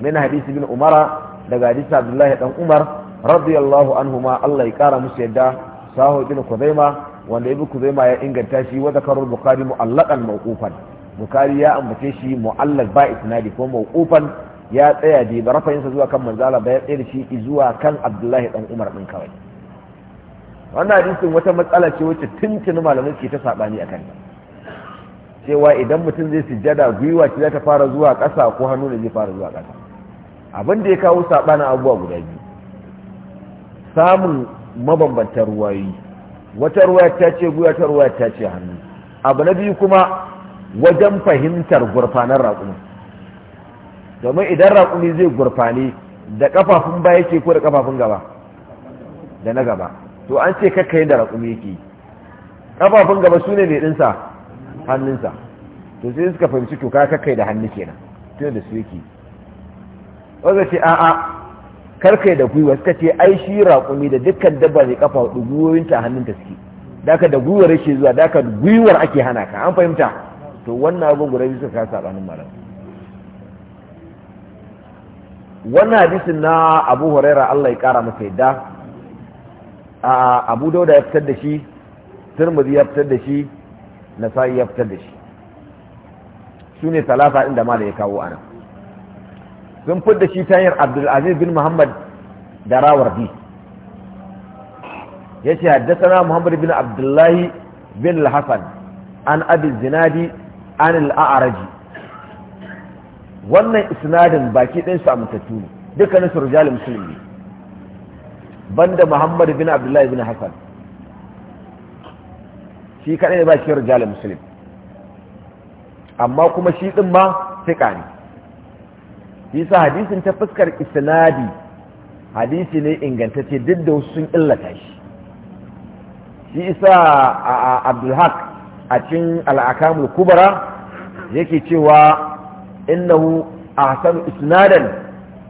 min hadisi bin umara daga hadisi abdullahi dan umar radiyallahu anhuma Allah ya kara musu yadda sahu bin kuzaima wanda ibnu kuzaima ya inganta shi wa zakarul bukhari mu'allaqan mawqufan bukhari ya ambace shi mu'allaq ba isnadi ko mawqufan ya tsaya da barfa zuwa kan manzala ba ya da shi zuwa kan abdullahi dan umar din kawai wannan hadisin wata matsala ce wacce tuntuni malamai ke ta sabani a kanta cewa idan mutum zai sujjada gwiwa ce za ta fara zuwa ƙasa ko hannu ne zai fara zuwa ƙasa abin da ya kawo sabanin abubuwa guda biyu samun mabambantar ruwayi wata ruwa ta ce gwiwa ta ruwa ta ce hannu abu na biyu kuma wajen fahimtar gurfanar raƙumi domin idan raƙumi zai gurfane da kafafun baya ke ko da kafafun gaba da na gaba to an ce kakka yi da raƙumi yake Ƙafafun gaba su ne mai ɗinsa hannunsa to sai suka fahimci to ka kakka da hannu kenan tun da su yake wanda ce a'a karka da gwiwa suka ce ai shi raƙumi da dukkan dabba ne kafa hudu gwiwoyinta hannunta suke daka da gwiwar yake zuwa daka gwiwar ake hana ka an fahimta to wannan abin guda biyu suka kasa sabanin malam wannan hadisin na abu huraira allah ya kara masa yadda a abu dauda ya fitar da shi turmuzi ya fitar da shi nasa'i ya fitar da shi su ne talata inda mala ya kawo ana sun fitar da shi ta hanyar abdulaziz bin muhammad da bi. ya ce haddasa muhammad bin abdullahi bin al-hassan an abin zinadi an al'araji wannan isnadin baki ɗinsu a mutattu ne dukkanin su rijalin musulmi banda muhammad bin abdullahi bin hassan shi kaɗai ne ba shi rijalar musulun amma kuma shi ɗin ma fiƙa ne sa hadisin ta fuskar isnadi hadisi ne ingantacce duk da wasu sun illata shi shi isa abdulhaq a cikin al'akamul kubra yake cewa innahu ahsanu isnadan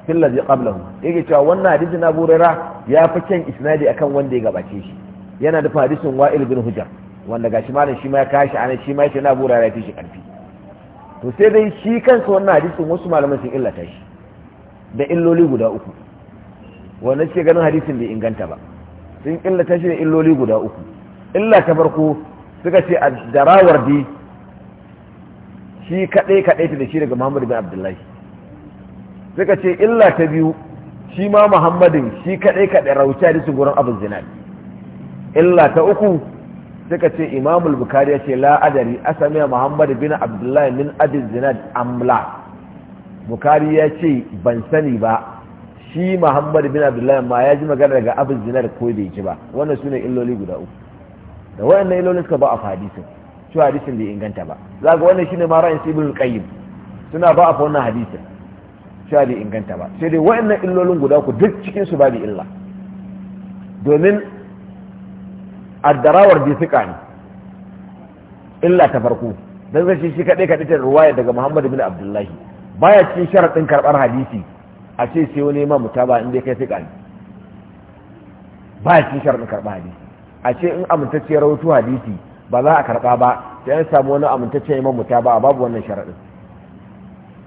fil ladhi qablahu yake cewa wannan hadisi na burera ya fi kyan isnadi akan wanda ya gabace shi yana da hadisin wa'il bin hujar wanda gashi malam shi ma ya kashi anan shi ma yake na burera ya fi shi karfi to sai dai shi kansa wannan hadisin wasu malaman sun illata shi da illoli guda uku wannan suke ganin hadisin bai inganta ba sun illata shi da illoli guda uku illa ta farko suka ce a darawar di shi kaɗai kaɗai ta da shi daga muhammadu bin abdullahi suka ce illa ta biyu shi ma muhammadin shi kaɗai kaɗai rauta da su gurin abin zinari illa ta uku suka ce imamul bukari ya ce la'adari asami muhammad bin abdullahi min abin zinari amla bukari ya ce ban sani ba shi muhammad bin abdullahi ma ya ji magana daga abin zinari ko da ji ba wannan su ne illoli guda uku da waɗannan illoli suka ba a hadisin shi hadisin bai inganta ba za ga wannan shi ne ma ra'ayin ibn qayyim suna ba a wannan hadisin cewa bai inganta ba sai dai wa'annan illolin guda ku duk cikin su babu illa domin addarawar bi suka ne illa ta farko dan zai shi kadai kadai ta ruwaya daga Muhammad bin Abdullahi baya cikin sharadin karbar hadisi a ce sai wani ma mutaba in dai kai suka ne baya cikin sharadin karbar hadisi a ce in amintacciyar rawaito hadisi ba za a karba ba sai an samu wani amintacciyar imam mutaba babu wannan sharadin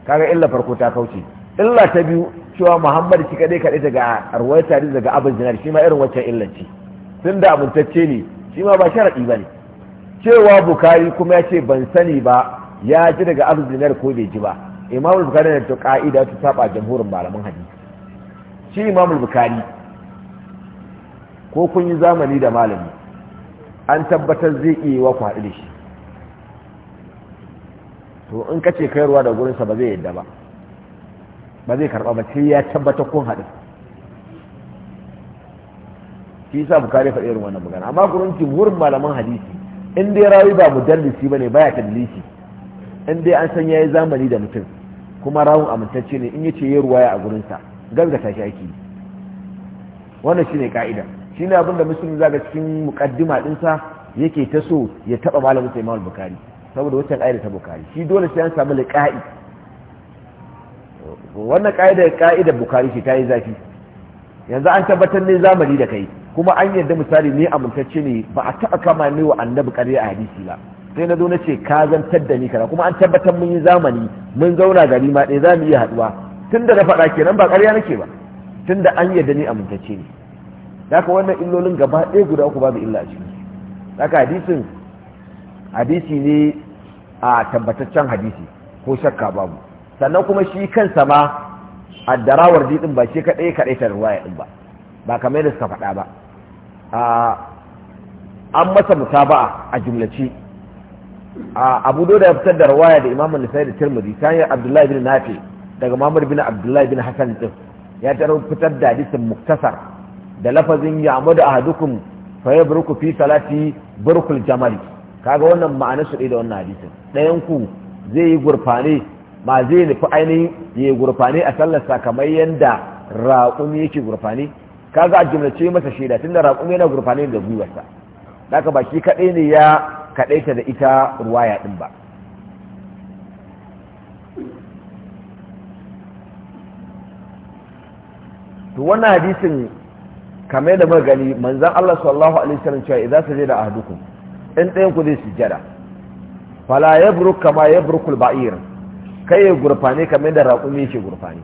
kaga illa farko ta kauce illa ta biyu cewa muhammad shi kadai kadai daga arwai tarihi daga abin zinar shi ma irin wancan illanci tun da amintacce ne shi ma ba sharaɗi ba ne cewa bukari kuma ya ce ban sani ba ya ji daga abin zinar ko bai ji ba imamul bukari na ta ka'ida ta saba jamhurin malaman hadisi shi imamul bukari ko kun yi zamani da malami an tabbatar zai iya wa haɗu da shi to in ka ce kayarwa da gurinsa ba zai yadda ba ba zai karba ba sai ya tabbata kun haɗu shi sa bukari faɗi irin wannan magana amma gurin wurin malaman hadisi in dai rawi ba mu ba bane baya tadlisi in dai an san yayi zamani da mutum kuma rawun amintacce ne in yace yayi ruwaya a gurinsa sa gaskata shi ake wannan shine ka'ida shi shine abin da muslim zaga cikin muqaddima din sa yake ta so ya taba malamin sai Imam Bukhari saboda wancan ayar ta bukari shi dole sai an samu liqa'i wannan ka'ida ka'ida bukari ce ta yi zafi yanzu an tabbatar ne zamani da kai kuma an yadda misali ne amintacce ne ba a taɓa kama ne wa annabi ƙarya a hadisi ba sai na zo na ce ka zantar da ni kana kuma an tabbatar mun yi zamani mun zauna gari ma ɗaya za mu iya haɗuwa tun da na faɗa kenan ba ƙarya nake ba tun da an yadda ni amintacce ne haka wannan illolin gaba ɗaya guda uku babu illa a ciki haka hadisin hadisi ne a tabbataccen hadisi ko shakka babu sannan kuma shi kansa ma addarawar din ba shi kaɗai kaɗai ta ruwaya din ba ba kamar yadda suka faɗa ba an masa mutaba'a a jumlaci abu da ya fitar da ruwaya da imamun nisai da tirmidhi ta hanyar abdullahi bin nafi daga mamur bin abdullahi bin Hassan din ya tara fitar da hadisin muktasar da lafazin da ahadukun fa burku fi salati burkul jamal kaga wannan ma'anar su da wannan hadisin ɗayan ku zai yi gurfane ba zai nufi ainihin ya gurfani a sallarsa kamar yadda raƙumi yake ka za a jimlace masa shaida tunda raƙumi yana gurfani da gwiwarsa daga ba shi kaɗai ne ya kaɗaita da ita ruwaya ɗin ba to wannan hadisin kamar da muka gani manzon Allah sallallahu alaihi wasallam cewa idan da ahdukum in ɗayan ku zai sujjada fala yabruk kama yabrukul ba'ir kai ya gurfane kamar da raƙumi yake gurfane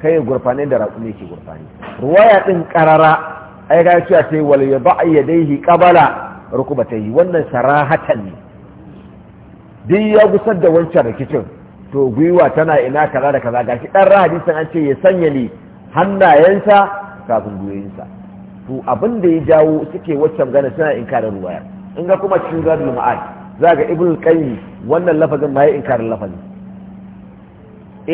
kai ya gurfane da raƙumi yake gurfane ruwaya din karara ai ga cewa sai wal yaba yadaihi qabala rukubatayhi wannan sarahatan ne din ya gusar da wancan rikicin to gwiwa tana ina kaza da kaza gashi dan Rahadisan an ce ya sanya ni hannayensa kafin gwiwoyinsa to abin da ya jawo suke waccan magana suna inkarin ruwaya in ga kuma cikin gadul ma'ad za ga ibn qayyim wannan lafazin ma ya inkarin lafazin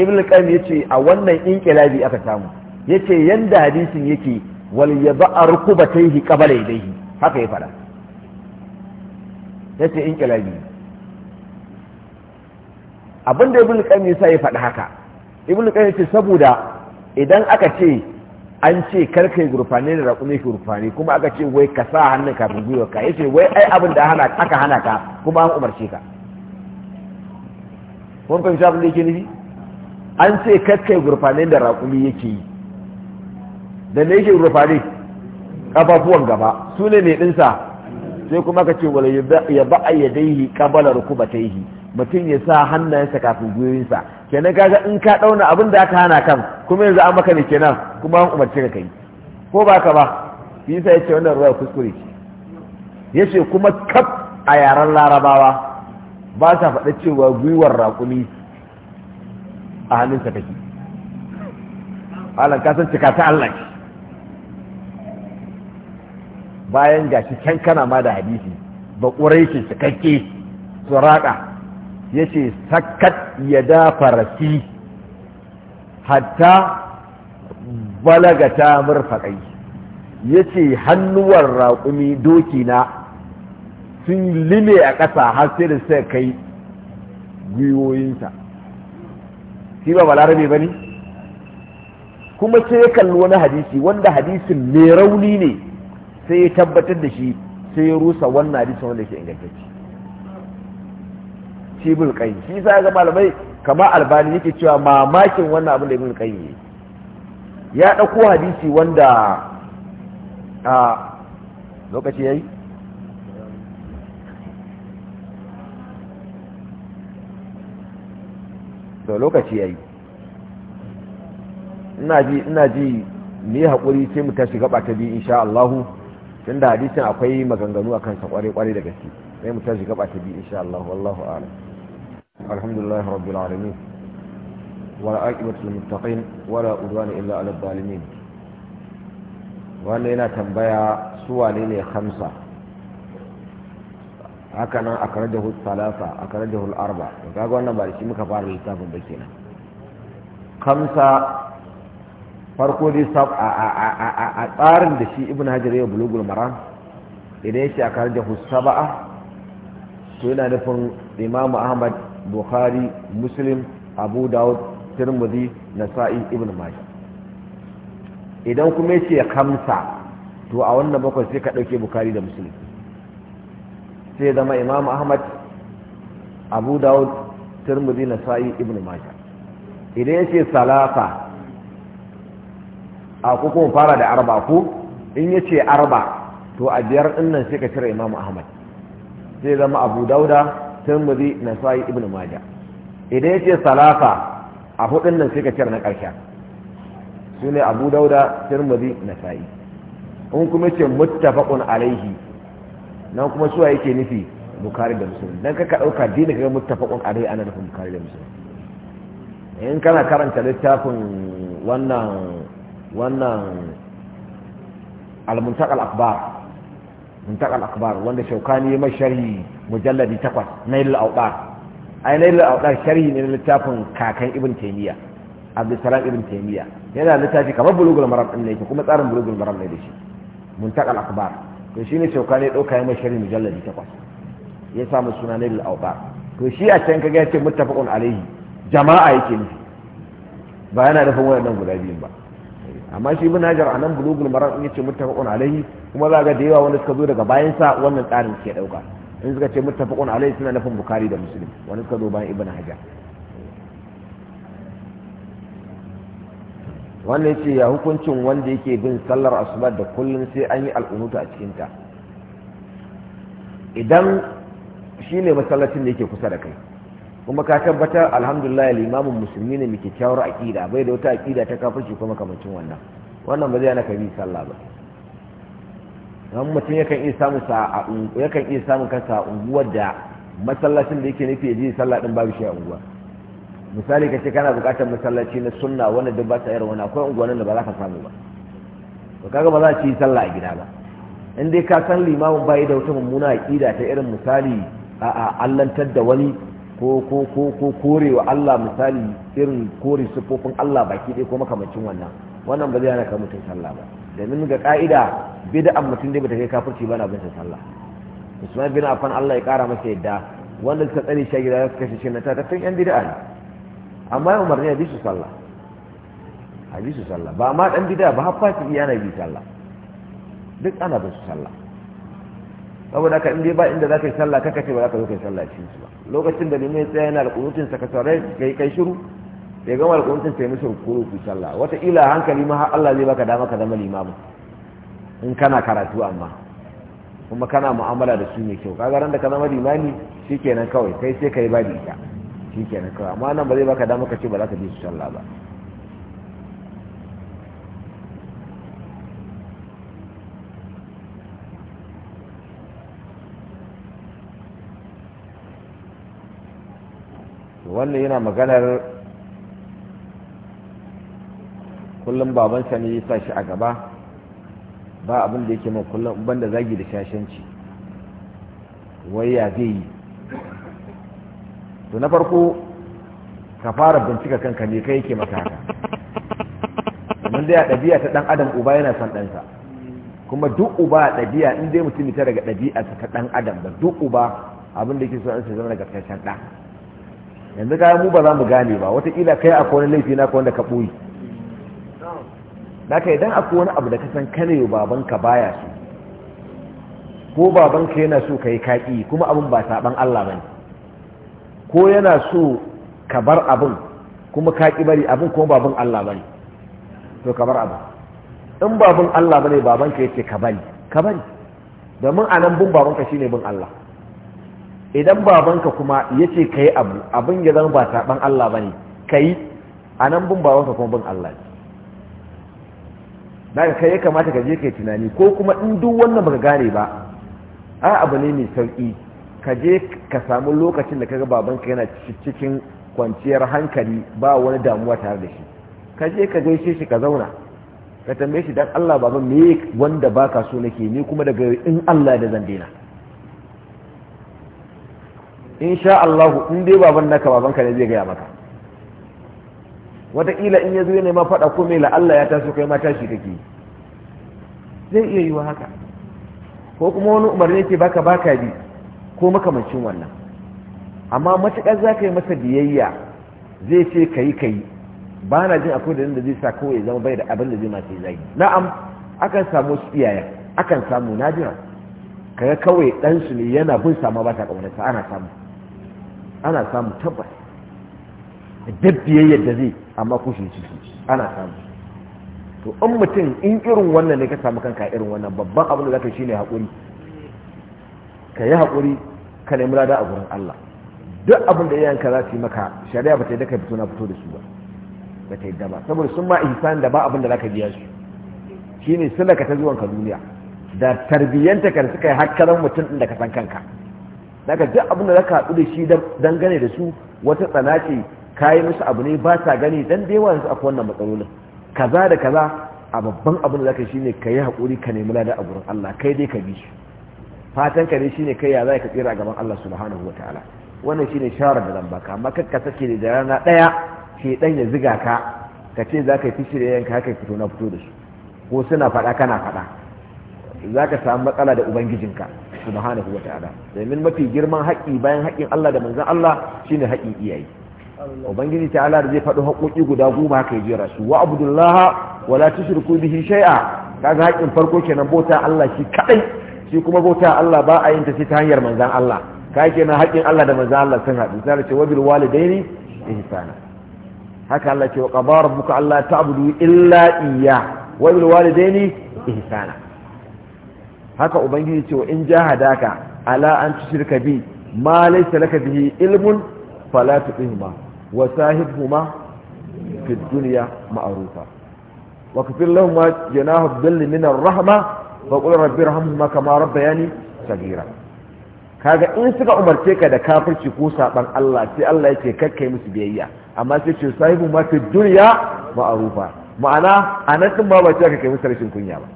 ibn qayyim yace a wannan inqilabi aka samu yace yanda hadisin yake wal yaba rukubatayhi qabla yadayhi haka ya fara yace inqilabi abinda ibn qayyim yasa ya faɗi haka ibn qayyim yace saboda idan aka ce an ce karkai gurfane da raƙumi ke gurfane kuma aka ce wai ka sa hannun kafin gwiwa ka yace wai ai abin da hana aka hana ka kuma an umarce ka kun fahimci abin da yake nufi an ce karkai gurfane da raƙumi yake yi da ne yake gurfane kafafuwan gaba su ne mai ɗinsa sai kuma aka ce wala ya ba'a yadaihi qabala rukubatayhi mutum ya sa hannayensa kafin gwiwinsa kenan kaga in ka dauna abin da aka hana kan kuma yanzu an maka ne kenan kuma an umarci ka kai ko ba ka ba shi yasa yace wannan ruwa kuskure yace kuma kaf a yaran larabawa ba sa faɗa cewa gwiwar raƙumi a hannunsa take alan ka san cika ta Allah bayan gashi can kana ma da hadisi ba ƙurai ce cikakke su raƙa yace ce sakat ya dafa hatta balagata murfaƙai ya ce hannuwar raƙumi doki na sun lime a ƙasa har sai da suka kai gwiwoyinsa shi ba balarabe ba ne kuma sai ya kalli wani hadisi wanda hadisin mai rauni ne sai ya tabbatar da shi sai ya rusa wannan hadisin wanda ke ingantacce shi ibn qayyim shi sa ga malamai kamar albani yake cewa mamakin wannan abin da ibn ne ya dauko hadisi wanda a lokaci yayi to lokaci yayi ina ji ina ji mu hakuri sai mu tashi gaba ta biyu insha Allah tunda hadisin akwai maganganu akan kansa kware kware da gaske sai mu tashi gaba ta biyu insha Allah wallahu a'lam الحمد لله رب العالمين ولا عاقبة للمتقين ولا عدوان إلا على الظالمين وأن هنا تنبيا سوالين خمسة هكذا أخرجه الثلاثة أخرجه الأربعة وكاكو أنا بارشي مكفار للتاف بكينا خمسة farko dai a tsarin da shi ibn hajar ya bulugul maram idan ya ce a kar da husaba'a to yana nufin imamu ahmad bukhari muslim abu dawud tirmidhi nasa'i ibn majah idan kuma yace kamsa to a wannan bakwai sai ka dauke bukhari da muslim sai zama imam ahmad abu dawud tirmidhi nasa'i ibn majah idan yace salasa a kuma fara da arba ko in yace arba to a biyar dinnan nan sai ka cire imam ahmad sai zama abu dauda tirmidhi nasai ibnu maja idan yace salafa a hudun nan sai ka cire na karshe sune abu dauda tirmidhi nasai in kuma yace muttafaqun alaihi nan kuma suwa yake nufi bukari da muslim dan ka dauka dinin ga muttafaqun alaihi ana da bukari da muslim in kana karanta littafin wannan wannan al-muntaqal akhbar muntaka al alakbar wanda shaukani ya mai sharhi mujalladi 8 nailul awdar ai nailul awdar sharhi ne na littafin kakan ibn taymiya abdussalam ibn taymiya yana littafi kamar bulugul maram din ne kuma tsarin bulugul maram ne da shi mun al alakbar to shi shine shaukani ya dauka ya mai sharhi mujalladi takwas ya samu suna na nailul awdar to shi a can kaga ya ce muttafaqun alaihi jama'a yake nufi ba yana nufin wayannan guda biyun ba amma shi ibn hajar a nan bulugul maram in yace muttafaqun alaihi kuma za ga da yawa wanda suka zo daga bayan sa wannan tsarin ke dauka in suka ce muttafaqun alaihi suna nufin bukhari da muslim wanda suka zo bayan ibn hajar ya yace ya hukuncin wanda yake bin sallar asuba da kullun sai an yi al'unuta a cikin ta idan ne masallacin da yake kusa da kai kuma ka tabbatar alhamdulillah limamin musulmi ne mai kyakkyawar aƙida bai da wata aƙida ta shi kuma kamancin wannan wannan ba zai yana kabi sallah ba don mutum yakan iya samun yakan iya samun kansa a unguwar da masallacin da yake nufi ya je sallah din babu shi a unguwa misali kace kana buƙatar masallaci na sunna wanda duk ba ta irin wani akwai nan da ba za ka samu ba to kaga ba za ci sallah a gida ba in dai ka san limamin bai da wata mummuna aƙida ta irin misali a'a allantar da wani ko ko ko ko korewa Allah misali irin kore sifofin Allah baki dai ko makamancin wannan wannan ba zai hana ka mutun sallah ba domin ga ka'ida bid'an mutun dai bata kai kafirci ba na bin sallah Usman bin Affan Allah ya kara masa yadda wanda suka tsare shi gida suka kashe shi na ta tafin yan bid'a ne amma ya umarni ya bi sallah a sallah ba ma dan bid'a ba har fasiki yana bi sallah duk ana bin sallah saboda ka in ba inda za ka yi sallah kaka ce ba za ka zo kai yi sallah cikin su ba lokacin da limai tsaya yana alƙunutun sa ka saurare kai kai shiru sai gama alƙunutun sai musu rukunu ku sallah ila hankali ma har Allah zai baka dama ka zama limamu in kana karatu amma kuma kana mu'amala da su mai kyau kaga ran da ka zama limami shikenan kawai kai sai kai ba da ita shikenan kawai amma nan ba zai baka dama ka ce ba za ka je su sallah ba wannan yana maganar kullum babansa ne ya sa shi a gaba ba abin da yake ma kullum banda zagi da shashanci wai ya zai yi to na farko ka fara bincika kanka ne kai yake maka haka domin dai a ɗabi'a ta ɗan adam uba yana son ɗansa kuma duk uba a ɗabi'a in dai mutum ta daga ɗabi'a ta ɗan adam ba duk uba abin da yake so ɗansa zama daga ƙarshen ɗan yanzu ga mu ba za mu gane ba watakila kai akwai wani laifi na wanda ka ɓoyi haka idan akwai wani abu da ka san kane babanka baya su. ko babanka yana so ka yi kaƙi kuma abin ba saɓan Allah ba ne ko yana so ka bar abin kuma kaƙi bari abin kuma babin Allah ba to ka bar abin in babin Allah ba ne babanka ya ce ka bari ka bari domin a nan bin babanka shi ne bin Allah idan babanka kuma ya ce ka yi abu abin ya zama ba saɓan Allah ba ne ka yi a nan bin babanka kuma bin Allah ne daga kai ya kamata ka je ka yi tunani ko kuma in duk wannan baka gane ba a abu ne mai sauƙi ka je ka samu lokacin da kaga babanka yana cikin kwanciyar hankali ba wani damuwa tare da shi ka je ka gaishe shi ka zauna ka tambaye shi dan Allah baban me wanda baka so nake ni kuma daga in Allah da zan daina in sha allahu in dai baban naka babanka ne zai gaya maka wataƙila in ya zo ne ma faɗa ko la allah ya taso kai ma tashi kake zai iya yiwa haka ko kuma wani umarni ke baka baka bi ko makamancin wannan amma matuƙar za yi masa biyayya zai ce ka yi ka ba na jin akwai da zai sa kawai zama bai da abin da zai masu zagi na'am akan samu su iyayen akan samu na jira kaga kawai ɗansu ne yana bin sama ba ta sa ana samu ana samu tabbas dabbiyayyar da zai amma kushin ciki ana samu to in mutum in irin wannan ne ka samu kanka irin wannan babban abin da za ka shi ne haƙuri ka yi haƙuri ka nemi rada a gurin Allah duk abin da iyayenka za su yi maka shari'a ba ta yadda ka fito na fito da su ba ba ta yadda ba saboda sun ma ihsan da ba abin da za ka biya su shine sallaka ta zuwanka duniya da tarbiyyanta kan suka yi hakkaran mutum din da ka san kanka daga duk abin da zaka haɗu da shi dangane da su wata tsana ce kayi musu abu ne ba sa gani dan da yawa su akwai wannan matsalolin kaza da kaza a babban abin da zaka ka yi hakuri ka nemi ladar a gurin Allah kai dai ka bi shi fatan ka ne kai ya za ka tsira a gaban Allah subhanahu ta'ala wannan shine shawarar da zan baka amma kakka sake da rana ke ɗan ya ziga ka ka ce za ka yi fishi da yanka haka fito na fito da su ko suna faɗa kana faɗa za ka samu matsala da ubangijinka subhanahu wa ta'ala domin mafi girman haƙi bayan haƙin Allah da manzan Allah shine haƙƙin iyaye ubangiji ta'ala da zai faɗi haƙoƙi guda goma haka ya jera su wa abdullaha wala tushriku bihi shay'a kaga haƙin farko kenan bauta Allah shi kadai shi kuma bauta Allah ba a yin ta sai ta hanyar manzan Allah kai kenan haƙin Allah da manzan Allah sun haɗu sai ce wabil walidaini ihsana haka Allah ce wa qadara rabbuka alla ta'budu illa iyyah wabil walidaini ihsana haka ubangiji ce wa in jahadaka ala an tushirka bi ma laysa laka bihi ilmun fala tuqihma wa sahibhuma fi dunya ma'rufa wa kafir lahum janahu dhilli min ar-rahma fa qul rabbi irhamhuma kama rabbayani saghira kaga in suka umarce ka da kafirci ko saban Allah sai Allah yake kakkai musu biyayya amma sai ce sahibu ma fi dunya ma'rufa ma'ana anan din ba ba ce ka kai musu rashin kunya ba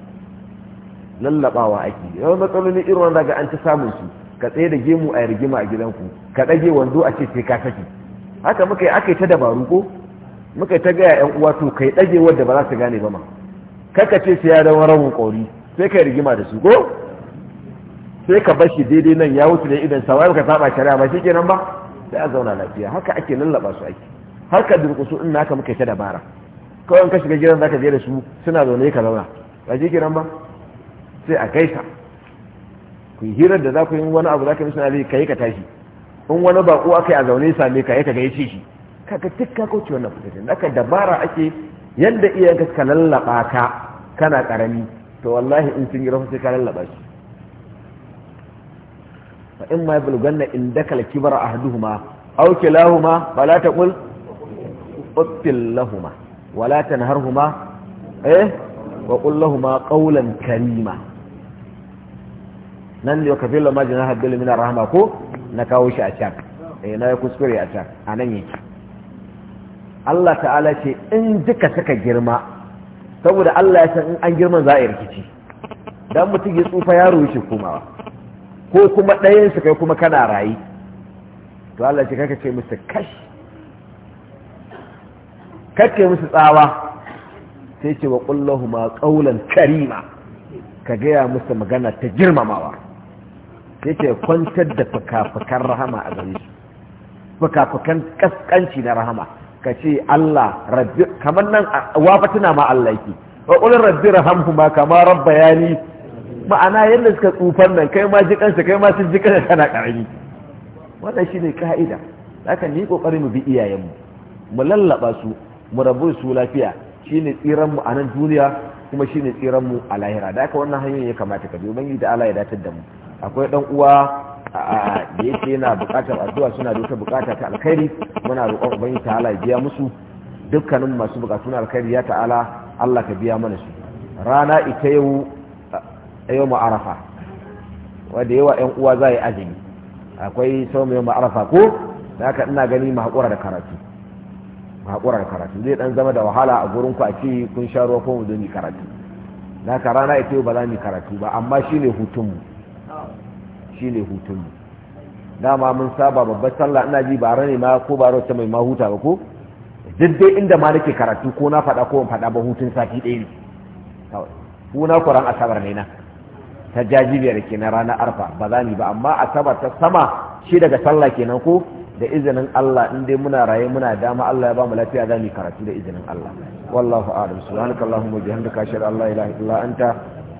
lallabawa ake yawan matsaloli irin wanda ga an ta samun su ka tsaye da gemu a rigima a gidanku ka ɗage wando a ce sai ka saki haka muka yi aka yi ta dabaru ko muka yi ta gaya yan uwa to kai ɗage wadda ba za su gane ba ma kaka ce sai ya dawo rabin kori sai ka rigima da su ko sai ka bashi daidai nan ya wuce ne idan sawa ka saba shari'a ba shi kenan ba sai a zauna lafiya haka ake lallaba su ake har ka durƙusu in naka muka yi ta dabara kawai in ka shiga gidan zaka je da su suna zaune ka zauna ba shi kenan ba sai a gaisa ku yi hirar da za ku yi wani abu za ka misali alheri ka yi ka tashi in wani baƙo aka yi a zaune same ka yi ka gaishe shi kaka duk ka kauce wannan fitaccen aka dabara ake yadda iyayenka suka lallaba ka kana karami to wallahi in sun yi rafa sai ka lallaba shi fa in ma yablughanna in dakala kibara ahduhuma aw kilahuma fala taqul uttil lahumā wala tanharhuma eh wa qul lahumā qawlan karima nan ne ka filo majina haɗe minar rahama ko na kawo shi a can eh, na ya kuskure a can a nan yake Allah ta'ala ce in duka suka girma saboda Allah ya san in an girman za a yi rikici dan mutum ya tsufa yaro yake komawa ko kuma ɗayan su kai kuma kana rayu. to Allah ce kaka ce musu kash kake musu tsawa sai ce wa kullahu ma ƙaulan karima ka gaya musu magana ta girmamawa yake kwantar da fuka-fukan rahama a gare su fuka kaskanci na rahama ka ce Allah rabbi kamar nan wafa tuna ma Allah yake wa ƙulun rabbi rabba kama ni ma'ana yadda suka tsufan nan kai ma jikan kai ma sun ji kansa kana karami wannan shine ka'ida haka ni ƙoƙari mu bi iyayenmu mu lallaba su mu rabu su lafiya shine tsiran mu a nan duniya kuma shine tsiran mu a lahira da haka wannan hanyoyi ya kamata ka bi ubangiji da Allah ya datar da mu akwai dan uwa da yake yana bukatar addu'a suna da wata bukata ta alkhairi muna roƙon ubangiji ta ya biya musu dukkanin masu bukatu na alkhairi ya ta'ala Allah ka biya mana su rana ita yau yau ma'arafa wanda yawa yan uwa za yi azumi akwai sau mai ma'arafa ko da haka ina gani mu haƙura da karatu mu haƙura da karatu zai dan zama da wahala a gurin ku a ce kun sha ruwa ko mu zo mu karatu da ka rana ita yau ba za mu karatu ba amma shine hutun mu shine hutun mu dama mun saba babbar sallah ina ji ba ne ma ko ba wacce mai ma huta ba ko duk inda ma nake karatu ko na faɗa ko ban faɗa ba hutun sati ɗaya ne kawai kuna kuran asabar ne na ta jajibiyar ke na ranar arfa ba za ni ba amma asabar ta sama shi daga sallah kenan ko da izinin Allah in dai muna raye muna dama Allah ya ba mu lafiya za mu karatu da izinin Allah wallahu a'lam subhanakallahumma wa bihamdika ashhadu an la ilaha illa anta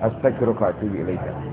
astaghfiruka wa atubu ilayka